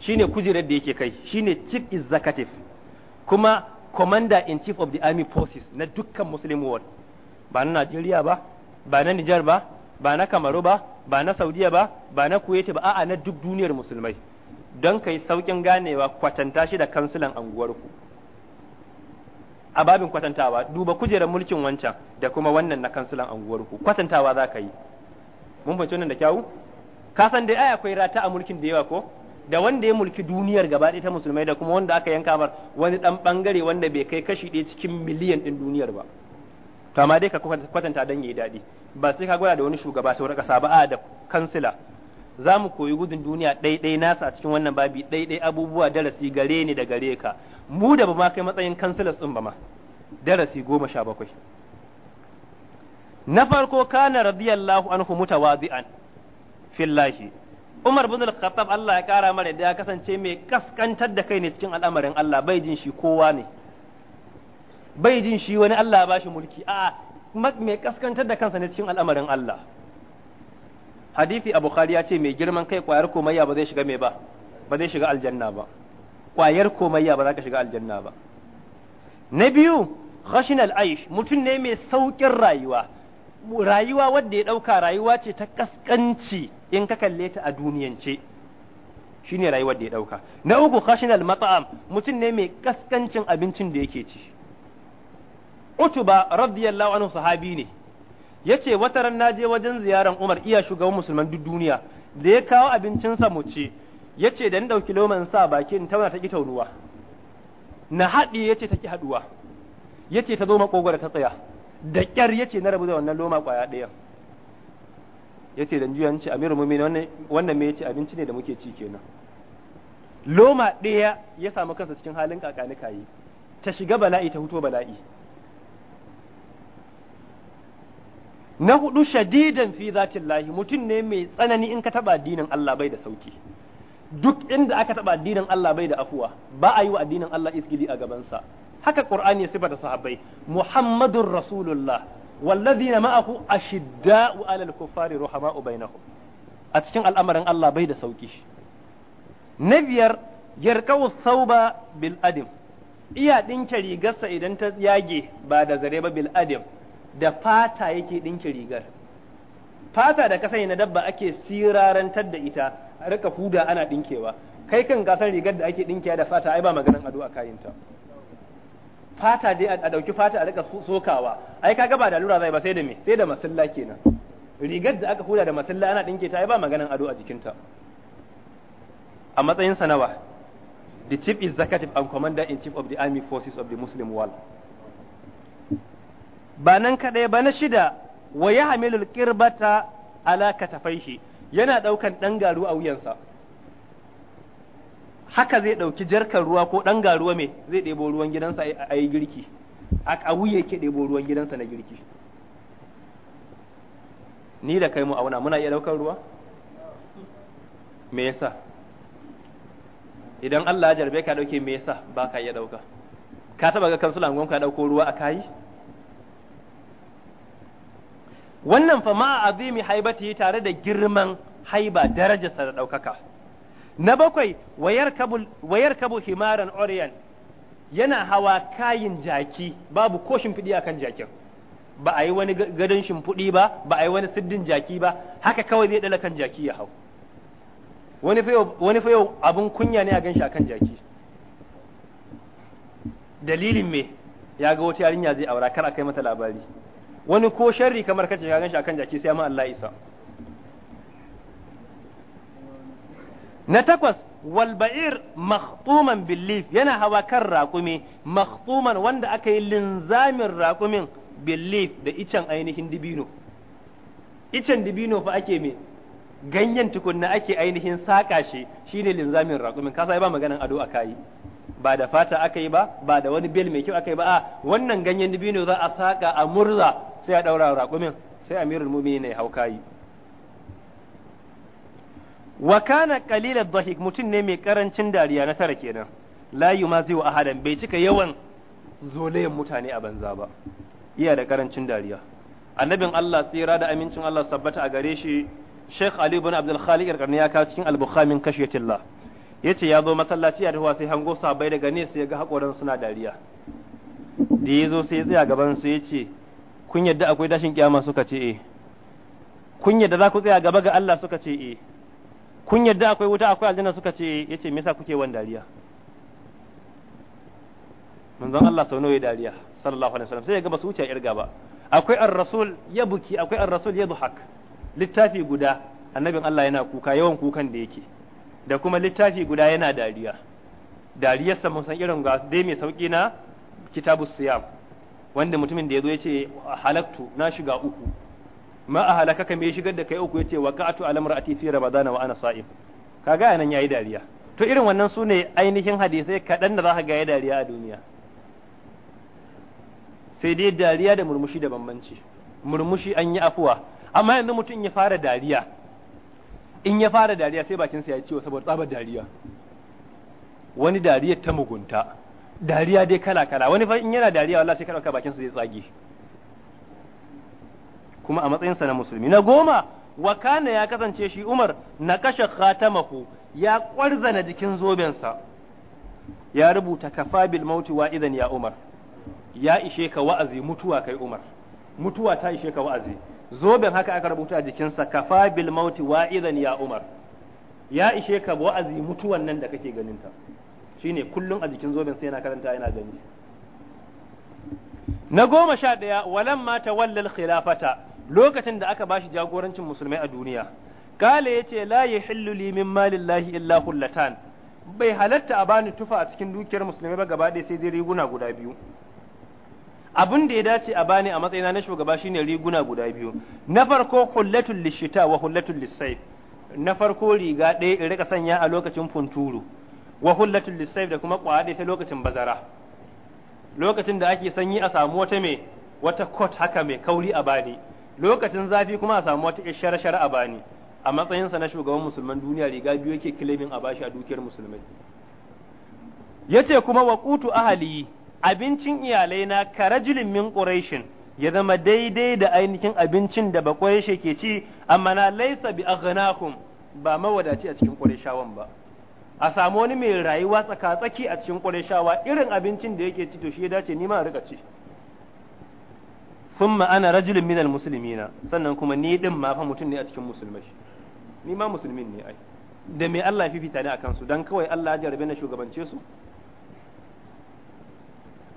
shine kujerar da yake kai shine chief executive kuma commander in chief of the army forces na dukkan Muslim world ba na Najeriya ba ba na Nijar ba ba na Kamaru ba ba na Saudiya ba ba na Kuwait ba a'a na duk duniyar musulmai don ka yi saukin ganewa kwatanta shi da kansilan anguwarku a babin kwatantawa duba kujerar mulkin wancan da kuma wannan na kansilan anguwarku kwatantawa za ka yi mun fahimci wannan da kyawu ka san dai ai akwai rata a mulkin da yawa ko da wanda ya mulki duniyar gaba ɗaya ta musulmai da kuma wanda aka yanka mar wani ɗan ɓangare wanda bai kai kashi ɗaya cikin miliyan ɗin duniyar ba to amma dai ka kwatanta dan yayi daɗi ba sai ka gwada da wani shugaba sauran ƙasa ba a da kansila za mu koyi gudun duniya ɗaiɗai nasa a cikin wannan babi ɗaiɗai abubuwa darasi gare ni da gare ka mu da ba ma kai matsayin kansilas ɗin ba ma darasi goma sha bakwai na farko kana radiyallahu anhu mutawadi'an fillahi Umar bin Al-Khattab Allah ya kara mara da ya kasance mai kaskantar da kai ne cikin al'amarin Allah bai jin shi kowa ne bai jin shi wani Allah ya bashi mulki a'a mai kaskantar da kansa ne cikin al'amarin Allah hadisi a bukhari ya ce mai girman kai kwayar komayya ba zai shiga mai ba ba zai shiga aljanna ba kwayar komayya ba za ka shiga aljanna ba na biyu khashin al'aish mutum ne mai saukin rayuwa rayuwa wadda ya ɗauka rayuwa ce ta kaskanci in ka kalle ta a duniyance shine rayuwar da ya ɗauka na uku khashin al mutum ne mai kaskancin abincin da yake ci utuba radiyallahu anhu sahabi ne yace wata ran na je wajen ziyaran Umar iya shugaban musulman duk duniya da ya kawo abincinsa mu ce yace da ni ɗauki loman sa baki in tauna ta ki tauruwa na haɗi yace ta ki ya yace ta zo makogwara ta tsaya da ya yace na rabu da wannan loma ƙwaya ɗaya yace dan juyan ce amiru mummi wannan wannan me yace abinci ne da muke ci kenan loma ɗaya ya samu kansa cikin halin kakanikayi ta shiga bala'i ta huto bala'i na hudu shadidan fi zatin lahi mutum ne mai tsanani in ka taba addinin Allah bai da sauki duk inda aka taba addinin Allah bai da afuwa ba a yi wa addinin Allah isgili a gabansa haka qur'ani ya sifata sahabbai muhammadur rasulullah والذين معه أشداء a cikin رحماء allah أتشكن da sauki na biyar yarkawu sauba bil adim iya ɗinke rigarsa idan ta yage ba da zare ba bil adim da fata yake ɗinke rigar fata da kasai na dabba ake sirarantar da ita a rika huda ana ɗinkewa kai kan kasan rigar da ake ɗinkewa da fata ai ba maganan ado a kayanta fata dai a ɗauki fata a rika sokawa ai kaga ba da lura zai ba sai da me sai da masalla kenan rigar da aka huda da masalla ana ɗinke ta ai ba maganan ado a jikinta a matsayin sanawa the chief executive and commander in chief of the army forces of the muslim world ba nan kaɗai ba na shida wa ya hamilul ƙirbata ala katafaihi yana ɗaukan ɗan garu a wuyansa haka zai ɗauki jarkar ruwa ko ɗan garuwa mai zai ɗebo ruwan gidansa a yi girki a wuya ke ɗebo ruwan gidansa na girki ni da kai mu auna muna iya ɗaukar ruwa me yasa idan Allah ya jarbe ka ɗauke me yasa ba ka iya ɗauka ka taɓa ga kansu langon ka ɗauko ruwa a kayi wannan fa ma azimi haibati tare da girman haiba darajarsa da ɗaukaka na bakwai wayar kabu himaran orient yana hawa kayin jaki babu ko shimfiɗi akan jakin ba a yi wani gadon shimfiɗi ba ba a yi wani siddin jaki ba haka kawai zai ɗala kan jaki ya hau wani fa yau abin kunya ne a gan shi akan jaki dalilin me ya ga wata yarinya zai aura kar a kai mata labari wani ko sharri kamar kace ka ganshi akan jaki sai ma Allah isa na takwas walba'ir makhtuman billif yana hawa kan raƙumi makhtuman wanda aka yi linzamin raƙumin billif da icen ainihin dibino icen dibino fa ake me ganyen tukunna ake ainihin saka shi shine linzamin raƙumin ka sai ba maganan ado a kayi ba da fata aka yi ba ba da wani bel mai kyau aka yi ba a wannan ganyen ne za a saka a murza sai a daura raƙumin sai amirul mu'minin ya hauka yi wa kana qalilat dhahik mutum ne mai karancin dariya na tara kenan la yumazi wa ahadan bai cika yawan zolayen mutane a banza ba iya da karancin dariya annabin Allah tsira da amincin Allah sabbata a gare shi Sheikh Ali ibn Abdul Khaliq al-Qarni ya kawo cikin al-Bukhari min kashiyatillah yace ya zo masallaci ya dahuwa sai hango sabai daga ne sai ya ga haƙoran suna dariya da ya zo sai ya tsaya gaban su ya ce kun yadda akwai dashin kiyama suka ce eh kun yadda za ku tsaya gaba ga Allah suka ce eh kun yadda akwai wuta akwai aljanna suka ce eh yace me yasa kuke wan dariya manzon Allah sau nawa ya dariya sallallahu alaihi wasallam sai ya ga basu wuce irga ba akwai ar-rasul ya buki akwai ar-rasul ya duhak littafi guda annabin Allah yana kuka yawan kukan da yake da kuma littafi guda yana dariya dariyarsa mun san irin ga dai mai sauki na kitabu siyam wanda mutumin da yazo yace halaktu na shiga uku ma a halakaka me shigar da kai uku yace waqa'atu alam ra'ati fi ramadana wa ana sa'im kaga nan yayi dariya to irin wannan sune ainihin hadisai kadan da zaka ga yayi dariya a duniya sai dai dariya da murmushi da bambanci murmushi an yi afuwa amma yanzu mutum ya fara dariya in ya fara dariya sai bakinsa ya ciwo saboda tsabar dariya wani dariya ta mugunta dariya dai kala kala wani fa in yana dariya wallahi sai ka dauka bakinsa zai tsage kuma a matsayinsa na musulmi na goma wa kana ya kasance shi Umar na kashe khatamahu ya kwarzana jikin zoben sa ya rubuta kafa bil mauti wa idan ya Umar ya ishe ka wa'azi mutuwa kai Umar mutuwa ta ishe ka wa'azi zoben haka aka rubuta a jikinsa kafa bil mauti idan ya umar ya ishe ka wa'azi mutuwan nan da kake ganin ta shine kullum a jikin zoben sai yana karanta yana gani na goma sha ɗaya walan mata wallal khilafata lokacin da aka bashi jagorancin musulmai a duniya kale ya ce la yahillu li min malillahi illa hullatan bai halatta a bani tufa a cikin dukiyar musulmai ba gaba ɗaya sai dai riguna guda biyu abin da ya dace a bani a matsayina na shugaba shine riguna guda biyu na farko hullatul lishita wa hullatul lisayf na farko riga ɗaya in rika sanya a lokacin funturu wa hullatul lisayf da kuma kwaɗe ta lokacin bazara lokacin da ake sanyi a samu wata me wata kot haka mai kauri a bani lokacin zafi kuma a samu wata ishar shara a bani a matsayinsa na shugaban musulman duniya riga biyu yake kilimin a bashi a dukiyar musulmai yace kuma waqutu ahali abincin iyalai na karajulin min quraishin ya zama daidai da ainihin abincin da ba quraishe ke ci amma na laisa bi aghnahum ba mawadaci a cikin qurayshawan ba a samu wani mai rayuwa tsaka-tsaki a cikin qurayshawa irin abincin da yake ci to shi ya dace ni ma rika ci thumma ana rajulun min almuslimina sannan kuma ni din ma fa mutum ne a cikin musulmai ni ma musulmin ne ai da me Allah ya fifita ni akan su dan kawai Allah ya jarabe na shugabance su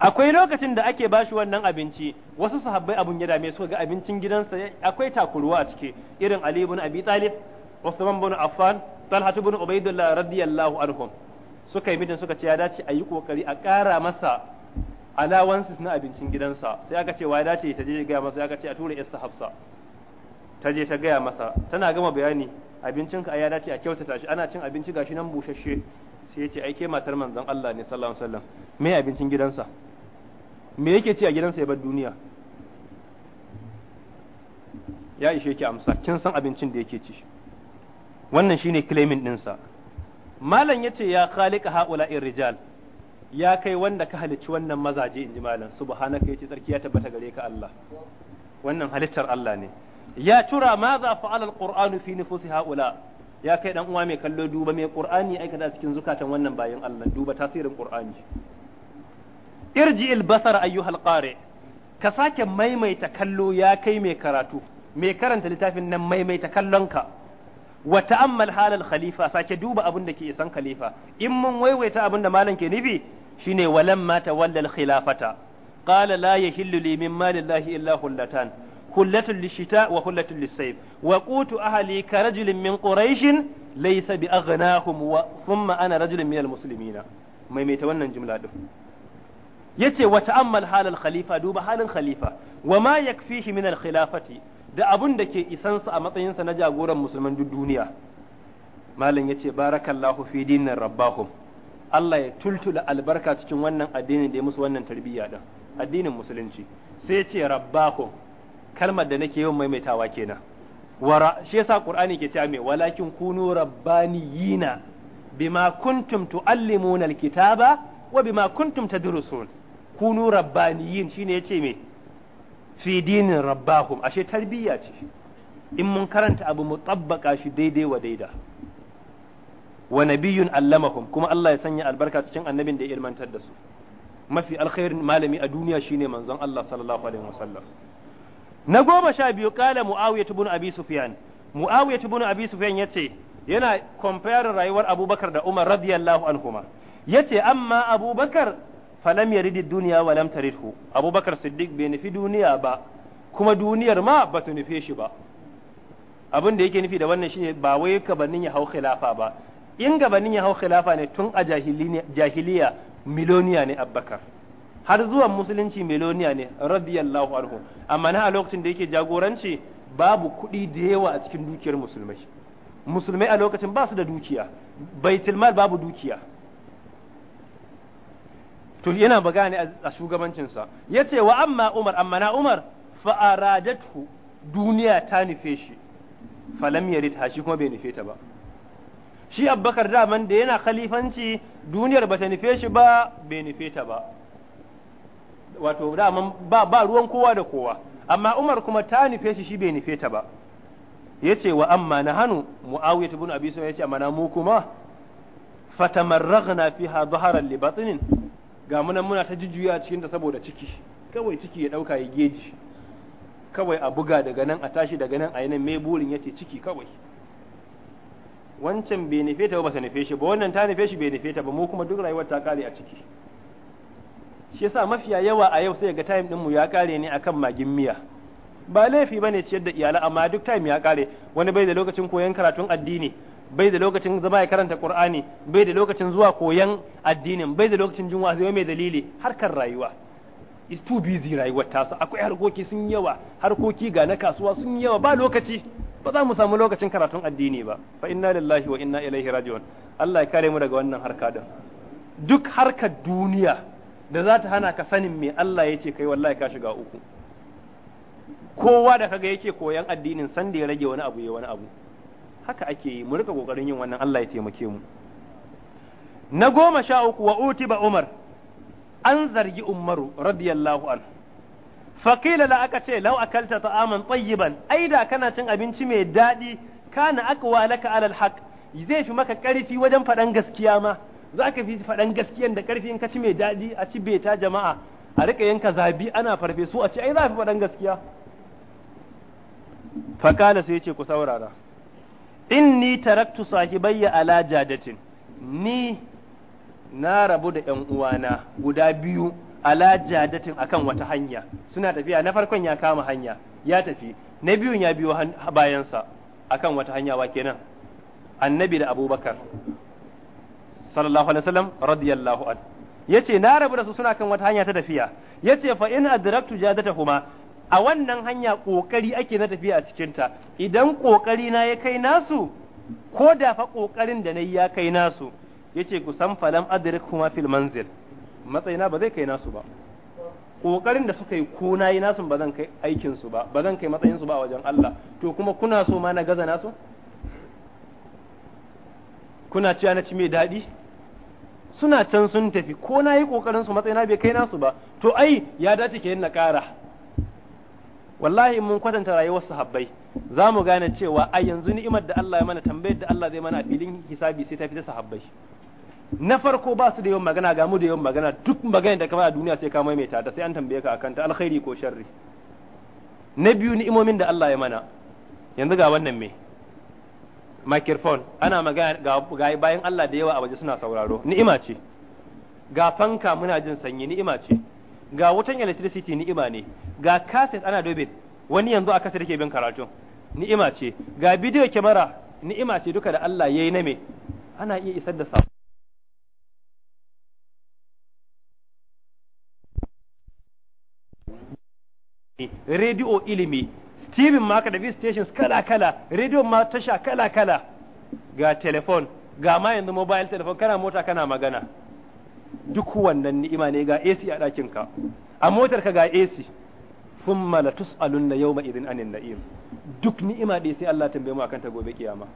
akwai lokacin da ake bashi wannan abinci wasu sahabbai abun ya dame suka ga abincin gidansa akwai takuruwa a ciki irin Ali ibn Abi Talib Uthman ibn Affan Talha ibn Ubaidullah radiyallahu anhum suka yi bidin suka ce ya dace a yi kokari a ƙara masa alawansis na abincin gidansa sai aka ce wa ya dace ta je gaya masa sai aka ce a tura yarsa Hafsa ta je ta gaya masa tana gama bayani abincinka ya dace a kyautata shi ana cin abinci gashi nan bushashe sai ya ce ai ke matar manzon Allah ne sallallahu alaihi wasallam me abincin gidansa me yake ci a gidansa ya bar duniya ya ishe ki amsa kin san abincin da yake ci wannan shine claimin ɗinsa malam ya ce ya khaliqa haula rijal ya kai wanda ka halicci wannan mazaje in ji malam subhanaka yace tsarki ya tabbata gare ka Allah wannan halittar Allah ne ya tura ma za fa'ala alqur'anu fi nufusi haula ya kai dan uwa mai kallo duba mai qur'ani aikata cikin zukatan wannan bayan Allah duba tasirin qur'ani irji basar ayyuhal qari ka sake maimaita kallo ya kai mai karatu mai karanta littafin nan maimaita kallonka wa ta'ammal halal khalifa sake duba abin da ke isan khalifa in mun waiwaita abin da malam ke nufi shine walamma tawallal khilafata qala la yahillu li min malillahi illa hullatan hullatul lishita wa hullatul lisayf wa qutu ahli ka rajulin min quraish laysa bi aghnahum wa thumma ana rajulun minal muslimina maimaita wannan jumla din yace wa ta'ammal halal khalifa duba halin khalifa wa ma yakfihi min al da abun da ke isan isansa a matsayin sa na jagoran musulman duk duniya malam yace barakallahu fi dinin rabbahum Allah ya tultula albarka cikin wannan addinin da ya musu wannan tarbiyya din addinin musulunci sai yace ce rabbahum kalmar da nake yawan maimaitawa kenan wara shi yasa qur'ani ke cewa mai walakin kunu rabbaniyina bima kuntum tuallimuna alkitaba wa bima kuntum tadrusun kunu rabbaniyin shine yace me fi dinin rabbahum ashe tarbiyya ce in mun karanta abu mu tabbaka shi daidai wa daida wa nabiyyun allamahum kuma Allah ya sanya albarka cikin annabin da ya ilmantar da su mafi alkhairin malami a duniya shine manzon Allah sallallahu alaihi wasallam na goma sha biyu kala muawiya ibn abi sufyan muawiya ibn abi sufyan yace yana comparing rayuwar abubakar da umar radiyallahu anhuma yace amma abubakar falam yaridi duniya wa lam taridhu abubakar siddiq bai nufi duniya ba kuma duniyar ma ba ta nufe shi ba abin da yake nufi da wannan shine ba wai gabanin ya hau khilafa ba in gabanin ya hau khilafa ne tun a jahiliya miloniya ne abubakar har zuwa musulunci miloniya ne radiyallahu anhu amma na a lokacin da yake jagoranci babu kuɗi da yawa a cikin dukiyar musulmai musulmai a lokacin ba su da dukiya baitulmal babu dukiya to yana baga ne a shugabancinsa ya ce wa amma umar amma na umar fa'aradatu duniya ta nufe shi falam ha shi kuma bai nufe ta ba shi abbakar daman da yana khalifanci duniyar ta nufe shi ba bai nufe ta ba wato daman ba ba ruwan kowa da kowa amma umar kuma ta nufe shi shi bai nufe ta ba yace wa amma na hanu muawiya bin abi ya yace amma na mu kuma fatamarraghna fiha dhaharan li batnin ga munan muna ta jujjuya cikin cikinta saboda ciki kawai ciki ya ɗauka ya geji kawai a buga daga nan a tashi daga nan a yi nan mai burin ya ce ciki kawai wancan bai nufe ta ba ta nufe shi ba wannan ta nufe shi bai nufe ta ba mu kuma duk rayuwar ta kare a ciki shi yasa mafiya yawa a yau sai ga time ɗinmu ya kare ne akan magin miya ba laifi bane ciyar da iyalai amma duk time ya kare wani bai da lokacin koyon karatun addini bai da lokacin zama ya karanta qur'ani bai da lokacin zuwa koyan addinin bai da lokacin jin wa'azi mai dalili harkar rayuwa is too busy rayuwar tasa akwai harkoki sun yawa harkoki ga na kasuwa sun yawa ba lokaci ba za mu samu lokacin karatun addini ba fa inna lillahi wa inna ilaihi raji'un Allah ya kare mu daga wannan harka din duk harkar duniya da za ta hana ka sanin me Allah ya ce kai wallahi ka shiga uku kowa da kaga yake koyan addinin san da ya rage wani abu ya wani abu haka ake yi mu rika kokarin yin wannan Allah ya taimake mu na goma sha uku wa utiba umar an zargi umaru radiyallahu an faqila la aka ce law akalta Aman tayyiban ai da kana cin abinci mai daɗi kana aqwa laka alal hak. zai fi maka ƙarfi wajen faɗan gaskiya ma za ka fi faɗan gaskiyan da ƙarfi in ka ci mai daɗi a ci beta jama'a a rika yanka zabi ana farfesu a ci ai za fi faɗan gaskiya fakala sai ce ku saurara inni taraktu sahibayya ala jadatin ni na rabu da ƴan uwana guda biyu ala jadatin akan wata hanya suna tafiya na farkon ya kama hanya ya tafi na biyun ya biyo bayansa akan wata hanya wa kenan annabi da abubakar sallallahu alaihi wasallam radiyallahu an yace na rabu da su suna kan wata hanya ta tafiya yace fa in adraktu jadatahuma a wannan hanya ƙoƙari ake na tafiya a cikinta idan ƙoƙari na ya kai nasu ko da fa ƙoƙarin da na yi ya kai nasu ya ce ku san falam adrik kuma fil manzil matsayina ba zai kai nasu ba ƙoƙarin da suka yi ko na yi nasu ba zan kai aikinsu ba ba zan kai matsayinsu ba a wajen Allah to kuma kuna so ma na gaza nasu kuna cewa na ci mai daɗi suna can sun tafi ko na yi ƙoƙarinsu su matsayina bai kai nasu ba to ai ya dace ke na ƙara wallahi mun kwatanta rayuwar sahabbai za mu gane cewa a yanzu ni'imar da Allah ya mana tambayar da Allah zai mana a filin hisabi sai ta fi fita sahabbai na farko ba su da yawan magana ga mu da yawan magana duk magana da kama a duniya sai ka maimaita ta sai an tambaye ka akan ta alkhairi ko sharri na biyu ni'imomin da Allah ya mana yanzu ga wannan me microphone ana magana ga bayan Allah da yawa a waje suna sauraro ni'ima ce ga fanka muna jin sanyi ni'ima ce ga wutan electricity ni'ima ne ga cassette ana dobe wani yanzu a kasa yake bin karatu ni'ima ce ga bidiyo kyamara ni'ima ce duka da Allah yayi na me ana iya isar da sako rediyo ilimi steven ma da stations kala kala rediyon ma tasha kala kala ga telefon ga ma yanzu mobile telefon kana mota kana magana duk wannan ni'ima ne ga AC a ɗakin ka a motar ka ga AC thumma la tus'alunna yawma idin anin na'im duk ni'ima dai sai Allah tambaye mu akan ta gobe kiyama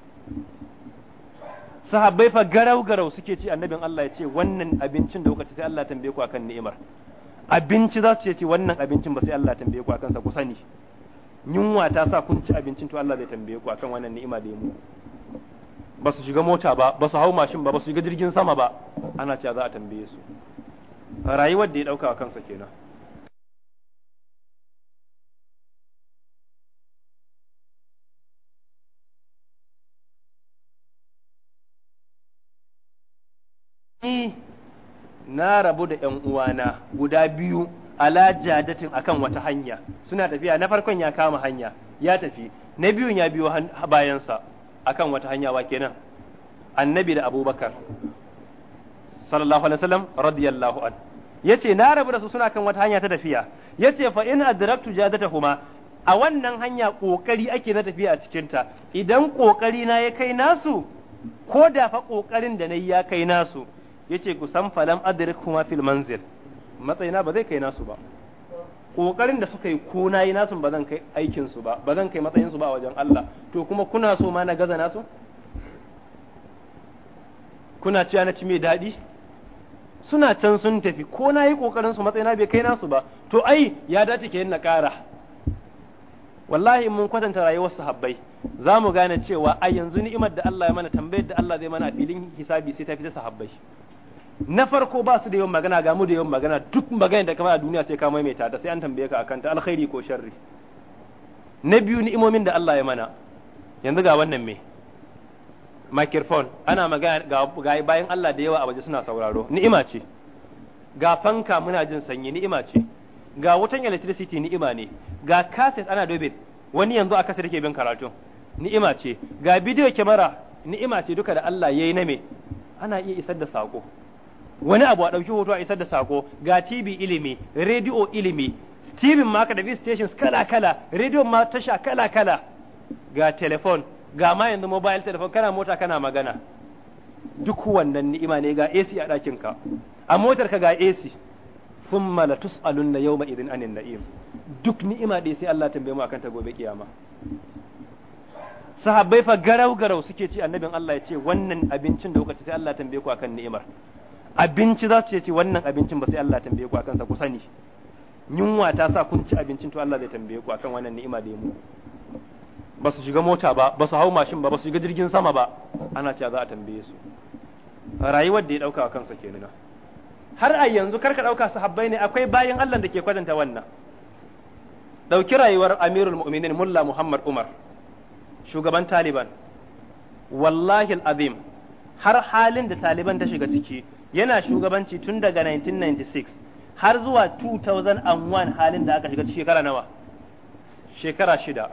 sahabbai fa garau garau suke ci annabin Allah ya ce wannan abincin da kuka sai Allah tambaye ku akan ni'imar abinci za su ce ci wannan abincin ba sai Allah tambaye ku akan sa ku sani yunwa ta sa kun ci abincin to Allah zai tambaye ku akan wannan ni'ima da ya ba su shiga mota ba ba su hau mashin ba ba su shiga jirgin sama ba ana cewa za a tambaye su rayuwar da ya ɗauka a kansa kenan na rabu da ‘yan uwana guda biyu ala jadatin akan wata hanya suna tafiya na farkon ya kama hanya ya tafi na biyun ya biyo bayansa akan wata hanya wa kenan annabi da abubakar sallallahu alaihi wasallam radiyallahu an yace na rabu da su suna kan wata hanya ta tafiya yace fa in adraktu jadatahuma a wannan hanya kokari ake na tafiya a cikin ta idan kokari na ya kai nasu ko da fa kokarin da nayi ya kai nasu yace kusan falam adrikhuma fil manzil matsayina ba zai kai nasu ba kokarin da suka yi ko nayi nasu ba zan kai aikin su ba ba zan kai matsayin su ba wajen Allah to kuma kuna so ma na gaza nasu kuna ciya na ci mai daɗi suna can sun tafi ko na yi kokarin su matsayina bai kai nasu ba to ai ya dace ke yin na ƙara wallahi mun kwatanta rayuwar sahabbai za mu gane cewa a yanzu ni'imar da Allah ya mana tambayar da Allah zai mana a filin hisabi sai ta ta sahabbai na farko ba su da yawan magana ga mu da yawan magana duk magana da ka a duniya sai ka maimaita ta sai an tambaye ka akan ta alkhairi ko sharri na biyu ni'imomin da Allah ya mana yanzu ga wannan me microphone ana magana ga bayan Allah da yawa a waje suna sauraro ni'ima ce ga fanka muna jin sanyi ni'ima ce ga wutan electricity ni'ima ne ga cassette ana dobe wani yanzu a kasa yake bin karatu ni'ima ce ga bidiyo kyamara ni'ima ce duka da Allah yayi na me ana iya isar da sako wani abu a ɗauki hoto a isar da sako ga TV ilimi rediyo ilimi steven ma da stations kala kala rediyo ma tasha kala kala ga telefon ga ma yanzu mobile telefon kana mota kana magana duk wannan ni'ima ne ga AC a ɗakin ka a motar ka ga AC thumma la tus'alunna yawma idin anin na'im duk ni'ima da sai Allah tambaye mu akan ta gobe kiyama sahabbai fa garau garau suke ci annabin Allah ya ce wannan abincin da kuka ci sai Allah tambaye ku akan ni'imar abinci za su ce wannan abincin ba sai Allah tambaye ku akan sa ku sani yunwa ta sa kun ci abincin to Allah zai tambaye ku akan wannan ni'ima da ya ba su shiga mota ba ba su hau mashin ba ba su shiga jirgin sama ba ana cewa za a tambaye su rayuwar da ya dauka kansa kenan har a yanzu karka dauka sahabbai ne akwai bayan Allah da ke kwatanta wannan dauki rayuwar Amirul Mu'minin Mulla Muhammad Umar shugaban Taliban wallahi azim har halin da Taliban ta shiga ciki yana shugabanci tun daga 1996 har zuwa 2001 halin da aka shiga shekara nawa shekara shida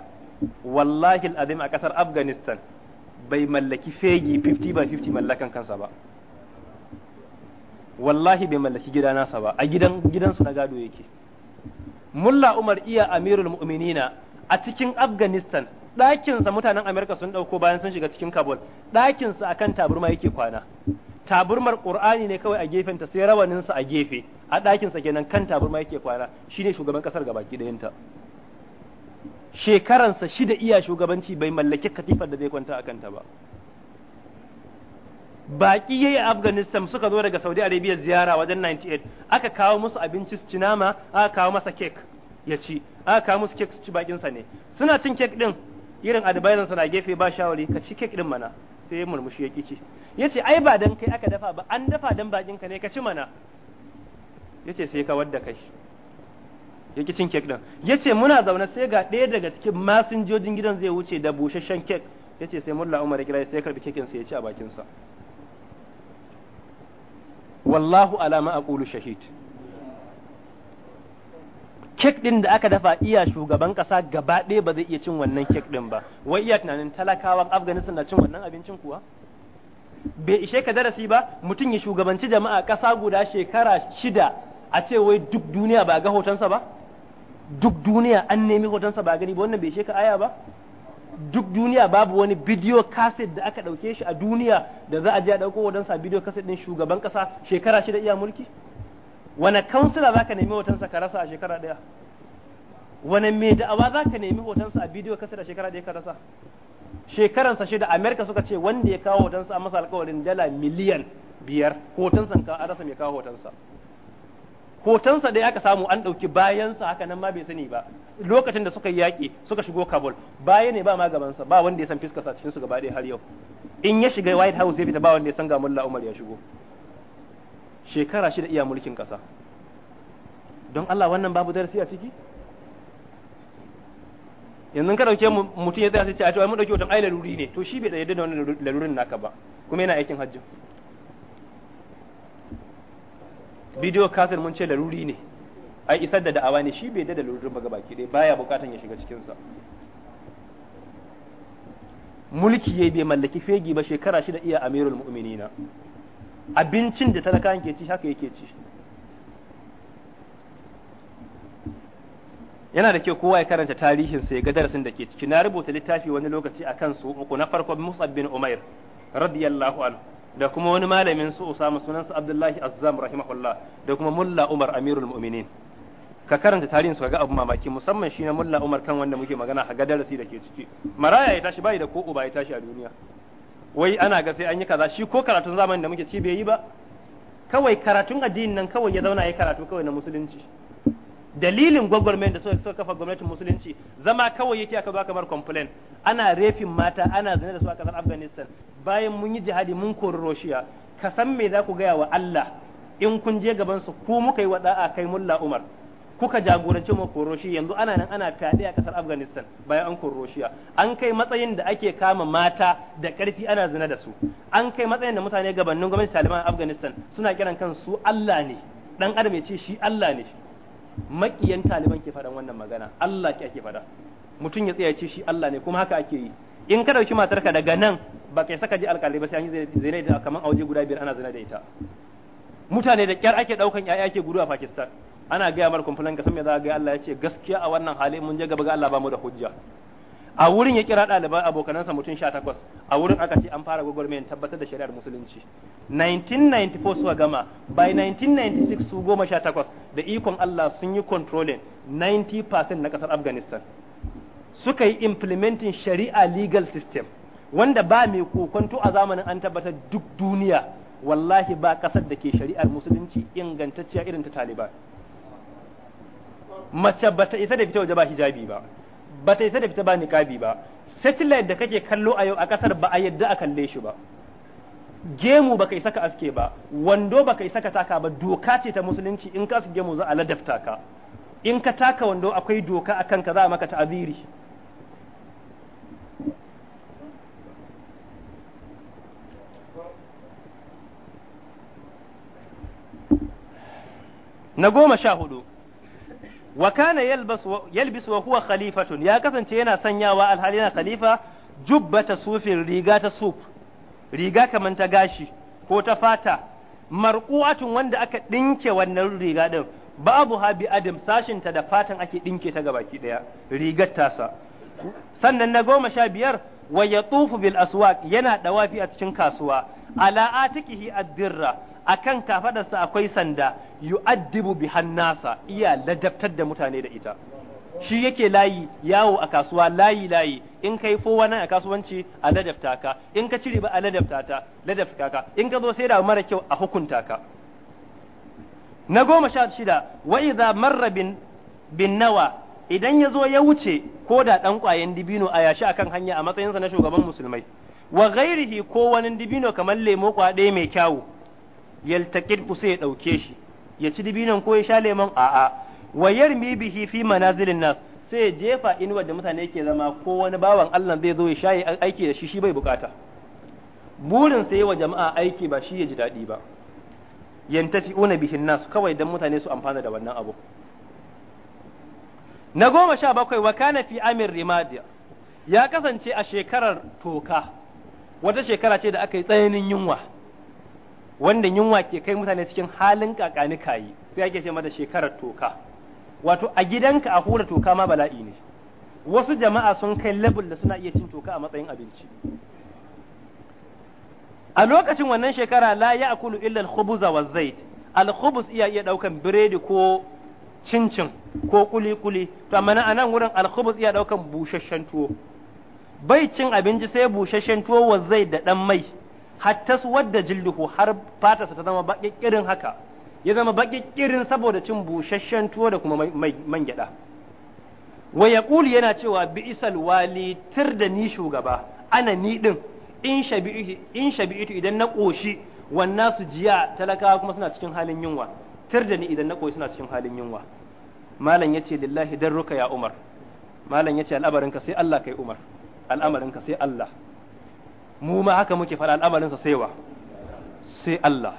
wallahi al'adim a kasar afghanistan bai mallaki fegi 50 by 50 mallakan kansa ba wallahi bai mallaki gida nasa ba a gidan gidansu na gado yake mulla umar iya amirul mu'minina a cikin afghanistan ɗakinsa mutanen amerika sun ɗauko bayan sun shiga cikin kabul ɗakinsa akan taburma yake kwana taburmar qur'ani ne kawai a gefenta sai rawanin sa a gefe a ɗakinsa kenan kan taburma yake kwana shine shugaban kasar gabaki ɗayanta shekaransa shida iya shugabanci bai mallaki katifar da zai kwanta a kanta ba baki yayi a Afghanistan suka zo daga Saudi Arabia ziyara wajen 98 aka kawo musu abinci su ci nama aka kawo masa kek ya ci aka kawo musu kek su ci bakin sa ne suna cin kek din irin advisor na gefe ba shawari ka ci kek din mana sai murmushi ya kici yace ai ba dan kai aka dafa ba an dafa dan bakin ka ne ka ci mana yace sai ka wadda kai ki cin kek din yace muna zaune sai ga ɗaya daga cikin masinjojin gidan zai wuce da busasshen kek yace sai mulla Umar ya kira sai ya karbi kekin sai ya ci a bakin sa wallahu alama aqulu shahid kek din da aka dafa iya shugaban kasa gaba ɗaya ba zai iya cin wannan kek din ba wai iya tunanin talakawan afghanistan na cin wannan abincin kuwa bai ishe ka darasi ba mutum ya shugabanci jama'a ƙasa guda shekara shida a ce wai duk duniya ba ga hotonsa ba duk duniya an nemi hotonsa ba gani ba wannan bai ishe ka aya ba duk duniya babu wani bidiyo kaset da aka ɗauke shi a duniya da za a je a ɗauko hotonsa bidiyo kaset ɗin shugaban ƙasa shekara shida iya mulki wani kansila za ka nemi hotonsa ka rasa a shekara ɗaya wani mai da'awa za ka nemi hotonsa a bidiyo kasa da shekara da ya karasa shekaransa da amerika suka ce wanda ya kawo hotonsa a masa alkawarin dala miliyan biyar hotonsa ka a rasa mai kawo hotonsa hotonsa da aka samu an ɗauki bayansa haka nan ma bai sani ba lokacin da suka yi yaƙi suka shigo kabul baya ne ba ma gabansa ba wanda ya san fiskarsa cikin su gaba ɗaya har yau in ya shiga white house ya fita ba wanda ya san ga mulla umar ya shigo shekara shida iya mulkin ƙasa don allah wannan babu darasi a ciki yanzu ka dauke mutum ya tsaya sai ce a ce ai mun dauke hoton ai laruri ne to shi bai tsaye da wannan larurin naka ba kuma yana aikin hajji bidiyo kasar mun ce laruri ne ai isar da da'awa ne shi bai da larurin ba baki dai baya bukatan ya shiga cikin sa mulki yayi bai mallaki fegi ba shekara shida iya amirul mu'minina abincin da talaka ke ci haka yake ci yana da kyau kowa ya karanta tarihin sa ya ga darasin da ke ciki na rubuta littafi wani lokaci a su uku na farko Mus'ab bin Umair radiyallahu anhu da kuma wani malamin su Usama sunan sa Abdullahi Azzam rahimahullah da kuma Mulla Umar Amirul Mu'minin ka karanta tarihin su ga abu mamaki musamman shi na Mulla Umar kan wanda muke magana ga darasi da ke ciki maraya ya tashi bai da ko uba ya tashi a duniya wai ana ga sai an yi kaza shi ko karatun zamanin da muke ci bai yi ba kawai karatun addinin nan kawai ya zauna ya karatu kawai na musulunci dalilin gwagwarmayin da suka kafa gwamnatin musulunci zama kawai yake aka ba kamar complain ana refin mata ana zane da su a kasar afghanistan bayan mun yi jihadi mun kori roshiya ka san me za ku gaya wa allah in kun je gaban su ku muka yi wa da'a kai mulla umar kuka jagorance mu roshiya yanzu ana nan ana fyaɗe a kasar afghanistan bayan an roshiya an kai matsayin da ake kama mata da ƙarfi ana zina da su an kai matsayin da mutane gabanin gwamnati taliban a afghanistan suna kiran kansu allah ne dan adam ya ce shi allah ne makiyan taliban ke faɗan wannan magana Allah ke ake faɗa mutum ya tsaya ce shi Allah ne kuma haka ake yi in ka dauki matarka daga nan ba kai saka ji alƙalai ba sai an yi zina da kaman auje guda biyar ana zina da ita mutane da kyar ake daukan yaya ake gudu a Pakistan ana gaya mar kumfulan ka san me za ga Allah ya ce gaskiya a wannan hali mun je gaba ga Allah ba mu da hujja a wurin ya kira ɗaliban abokanansa mutum sha takwas a wurin aka ce an fara gwagwarmayar tabbatar da shari'ar musulunci 1994 suka gama by 1996 su goma sha takwas da ikon Allah sun yi controlling 90% na ƙasar Afghanistan suka yi implementing shari'a legal system wanda ba mai kokonto a zamanin an tabbatar duk duniya wallahi ba ƙasar da ke shari'ar musulunci ingantacciya irin ta Taliban mace bata isa da fita waje ba hijabi ba ba ta yi da fita ba niƙabi ba satellite da kake kallo a yau a ƙasar ba a yadda a kalle shi ba gemu baka isa saka aske ba wando ba isa saka taka ba doka ce ta musulunci in ka aske gemu za a ladafta ka in ka taka wando akwai doka akan ka za a maka ta'aziri na goma sha hudu wa kana yalbis wa huwa khalifatun ya kasance yana sanyawa alhali yana khalifa jubbata sufin riga ta suf riga kamar ta gashi ko ta fata marqu'atun wanda aka dinke wannan riga din babu ha adam sashin ta da fatan ake dinke ta gabaki daya rigar tasa sannan na goma sha biyar wa yatufu bil aswaq yana dawafi a cikin kasuwa ala atikihi ad-dirra akan kafadarsa akwai sanda yu'addibu bi hannasa iya ladabtar da mutane da ita shi yake layi yawo a kasuwa layi layi in kai fowa nan a kasuwanci a ladabta ka in ka cire ba a ladabta ta ladabta ka in ka zo sai da mara kyau a hukunta ka na goma sha shida wa idza marra bin bin nawa idan ya zo ya wuce ko da dan kwayen dibino a yashi akan hanya a matsayinsa na shugaban musulmai wa ghairihi ko wani dibino kamar lemo kwaɗe mai kyawu yaltaqidhu sai ya dauke shi ya ci dibinan ko ya sha lemon a'a wa yarmi bihi fi manazilin nas sai ya jefa inuwar da mutane ke zama ko wani bawan Allah zai zo ya sha aiki da shi shi bai bukata burin sai wa jama'a aiki ba shi ya ji daɗi ba yantafi'una bihin nas kawai dan mutane su amfana da wannan abu na goma sha bakwai wa kana fi amir rimadi ya kasance a shekarar toka wata shekara ce da aka yi tsananin yunwa wanda yunwa ke kai mutane cikin halin kakani kayi sai ake ce mata shekarar toka wato a gidanka a hura toka ma bala'i ne wasu jama'a sun kai level da suna iya cin toka a matsayin abinci a lokacin wannan shekara la akulu illa al-khubza wa zait al-khubz iya iya daukan biredi ko cincin ko kuli-kuli to amma a nan wurin al-khubz iya daukan busasshen tuwo bai cin abinci sai busasshen tuwo wa zait da dan mai hatta su wadda jilduhu har fatarsa ta zama baƙaƙƙirin haka ya zama baƙaƙƙirin saboda cin busasshen tuwo da kuma man gyaɗa wa yaqulu yana cewa bi isal wali tir da ni shugaba ana ni din in shabi'itu in shabi'itu idan na koshi wannan su jiya talakawa kuma suna cikin halin yunwa tir da ni idan na koshi suna cikin halin yunwa malam yace lillahi darruka ya umar malam yace ka sai Allah kai umar al'amarinka sai Allah mu ma haka muke faɗa al'amarinsa saiwa sai Allah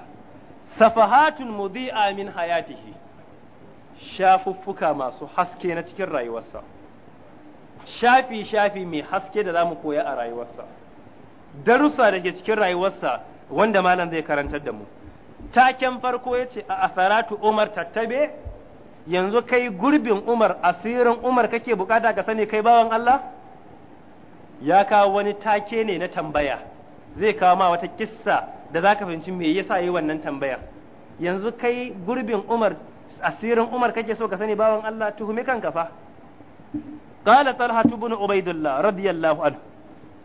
safahatun mudhi'a min hayatihi shafuffuka masu haske na cikin rayuwarsa shafi shafi mai haske da zamu koya a rayuwarsa darussa da ke cikin rayuwarsa wanda malam zai karantar da mu taken farko ya ce a asaratu umar tattabe yanzu kai gurbin umar asirin umar kake bukata ka sani kai bawan Allah ya kawo wani take ne na tambaya zai kawo ma wata kissa da za ka fahimci me yasa yi wannan tambayar yanzu kai gurbin umar asirin umar kake so ka sani bawan Allah tuhume kanka fa qala talha ibn ubaidillah radiyallahu anhu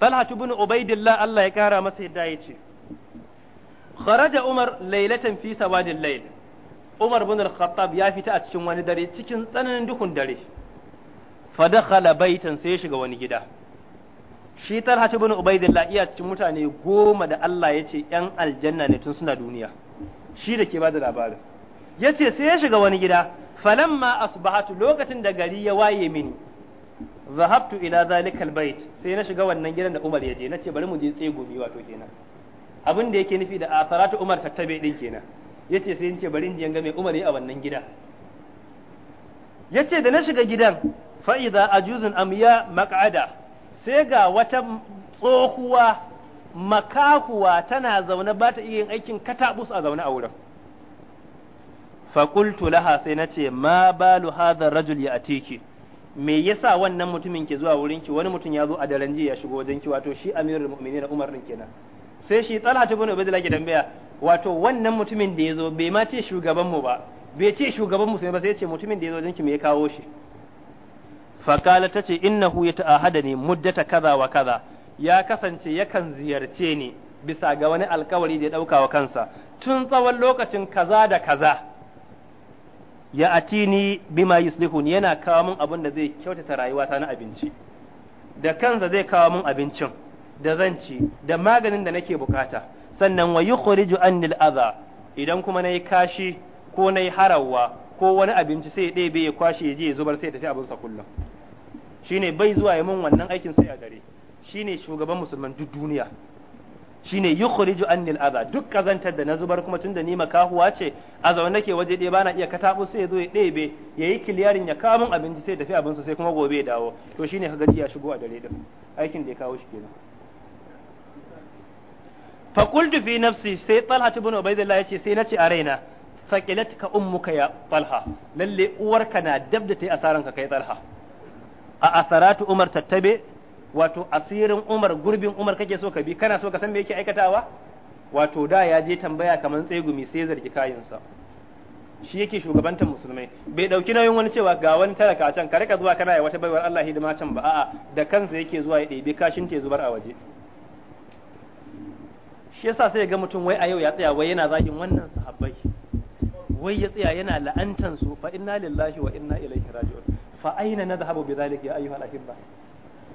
talha ibn UbaidulLah Allah ya kara masa yadda yace kharaja umar laylatan fi sawadil layl umar ibn al-khattab ya fita a cikin wani dare cikin tsananin duhun dare fa dakhala baitan sai ya shiga wani gida shi talha bani ubaidillah iya cikin mutane goma da Allah ya ce yan aljanna ne tun suna duniya shi da ke bada labarin ya ce sai ya shiga wani gida su asbahatu lokacin da gari ya waye mini zahabtu ila zalikal bait sai na shiga wannan gidan da Umar ya je nace bari mu je tsegumi wato kenan abin da yake nufi da asaratu Umar tattabe din kenan yace sai in ce bari in je ga mai Umar ya a wannan gida yace da na shiga gidan fa idza ajuzun am ya maq'ada sai ga wata tsohuwa makahuwa tana zaune ba ta iya yin aikin katabus a zaune a wurin fakultu laha sai na ce ma balu hadha rajul ya atiki me yasa wannan mutumin ke zuwa wurin ki wani mutum ya zo a daren jiya ya shigo wajen ki wato shi amirul mu'minin Umar din kenan sai shi Talha ibn Ubaydillah ke tambaya wato wannan mutumin da ya zo bai ma ce shugaban mu ba bai ce shugaban mu sai ba sai ya ce mutumin da ya zo wajen ki me ya kawo shi fakala ta ce innahu ya ta'ahada ne muddata kaza wa kaza ya kasance yakan ziyarce ni bisa ga wani alkawari da ya ɗauka wa kansa tun tsawon lokacin kaza da kaza ya atini bima yuslihun yana kawo min abin da zai kyautata rayuwata na abinci da kansa zai kawo min abincin da zan ci da maganin da nake bukata sannan wa yukhriju anil adha idan kuma nayi kashi ko nayi harawa ko wani abinci sai ya ɗebe ya kwashe ya je ya zubar sai ya tafi abinsa kullum shine bai zuwa ya mun wannan aikin sai a dare shine shugaban musulman duk duniya shine yukhriju anni al-adha duk kazantar da na zubar kuma tun da ni makahuwa ce a zaune nake waje ɗaya bana iya katabu sai ya zo ya ɗebe yayi kiliyarin ya kawo min abinci sai tafi abinsa sai kuma gobe ya dawo to shine gaji ya shigo a dare din aikin da ya kawo shi kenan fa qultu fi nafsi sai talha ibn ya yace sai nace a raina ummu ummuka ya talha lalle uwarka na dab dabda tayi asaran ka kai talha a asaratu umar tattabe wato asirin umar gurbin umar kake so ka bi kana so ka san me yake aikatawa wato da ya je tambaya kamar tsegumi sai zargi kayansa shi yake shugabantar musulmai bai dauki nauyin wani cewa ga wani talaka a can ka rika zuwa kana yi wata baiwar Allah hidima can ba a'a da kansa yake zuwa ya ɗebi kashin ya zubar a waje shi yasa sai ga mutum wai a yau ya tsaya wai yana zagin wannan sahabbai wai ya tsaya yana la'antan su fa inna lillahi wa inna ilaihi raji'un fa aina nadhhabu bidhalik ya ayyuhal ahibba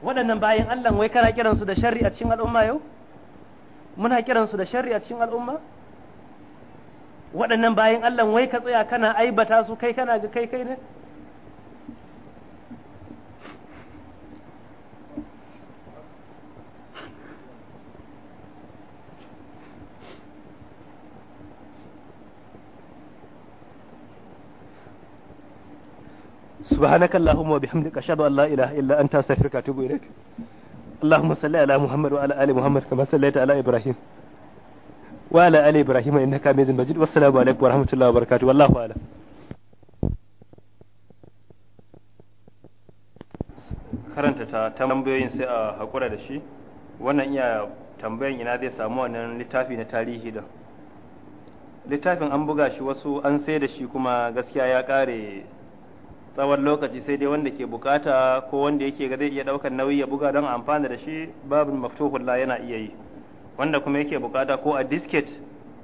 waɗannan bayan Allah wai kana kiran su da sharri a cikin al'umma yau muna kiran su da sharri a cikin al'umma waɗannan bayan Allah wai ka tsaya kana aibata su kai kana ga kai kai ne سبحانك اللهم وبحمدك أشهد أن لا إله إلا أنت أستغفرك وأتوب إليك اللهم صل على محمد وعلى آل محمد كما صليت على إبراهيم وعلى آل إبراهيم إنك حميد مجيد والسلام عليكم ورحمة الله وبركاته والله أعلم karanta ta tambayoyin sai a haƙura da shi wannan iya tambayan ina zai samu wannan littafi na tarihi da littafin an buga shi wasu an sai da shi kuma gaskiya ya kare tsawon lokaci sai dai wanda ke bukata ko wanda yake ga zai iya daukar nauyi ya buga don amfana da shi babin maftuhul la yana iya yi wanda kuma yake bukata ko a disket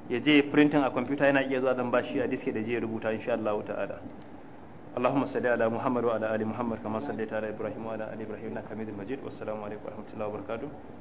ya je printing a kwamfuta yana iya zuwa zan shi a disket da je ya rubuta insha Allah ta'ala اللهم صل على محمد وعلى ال محمد كما صليت على ابراهيم وعلى ال ابراهيم انك حميد مجيد والسلام عليكم ورحمه الله وبركاته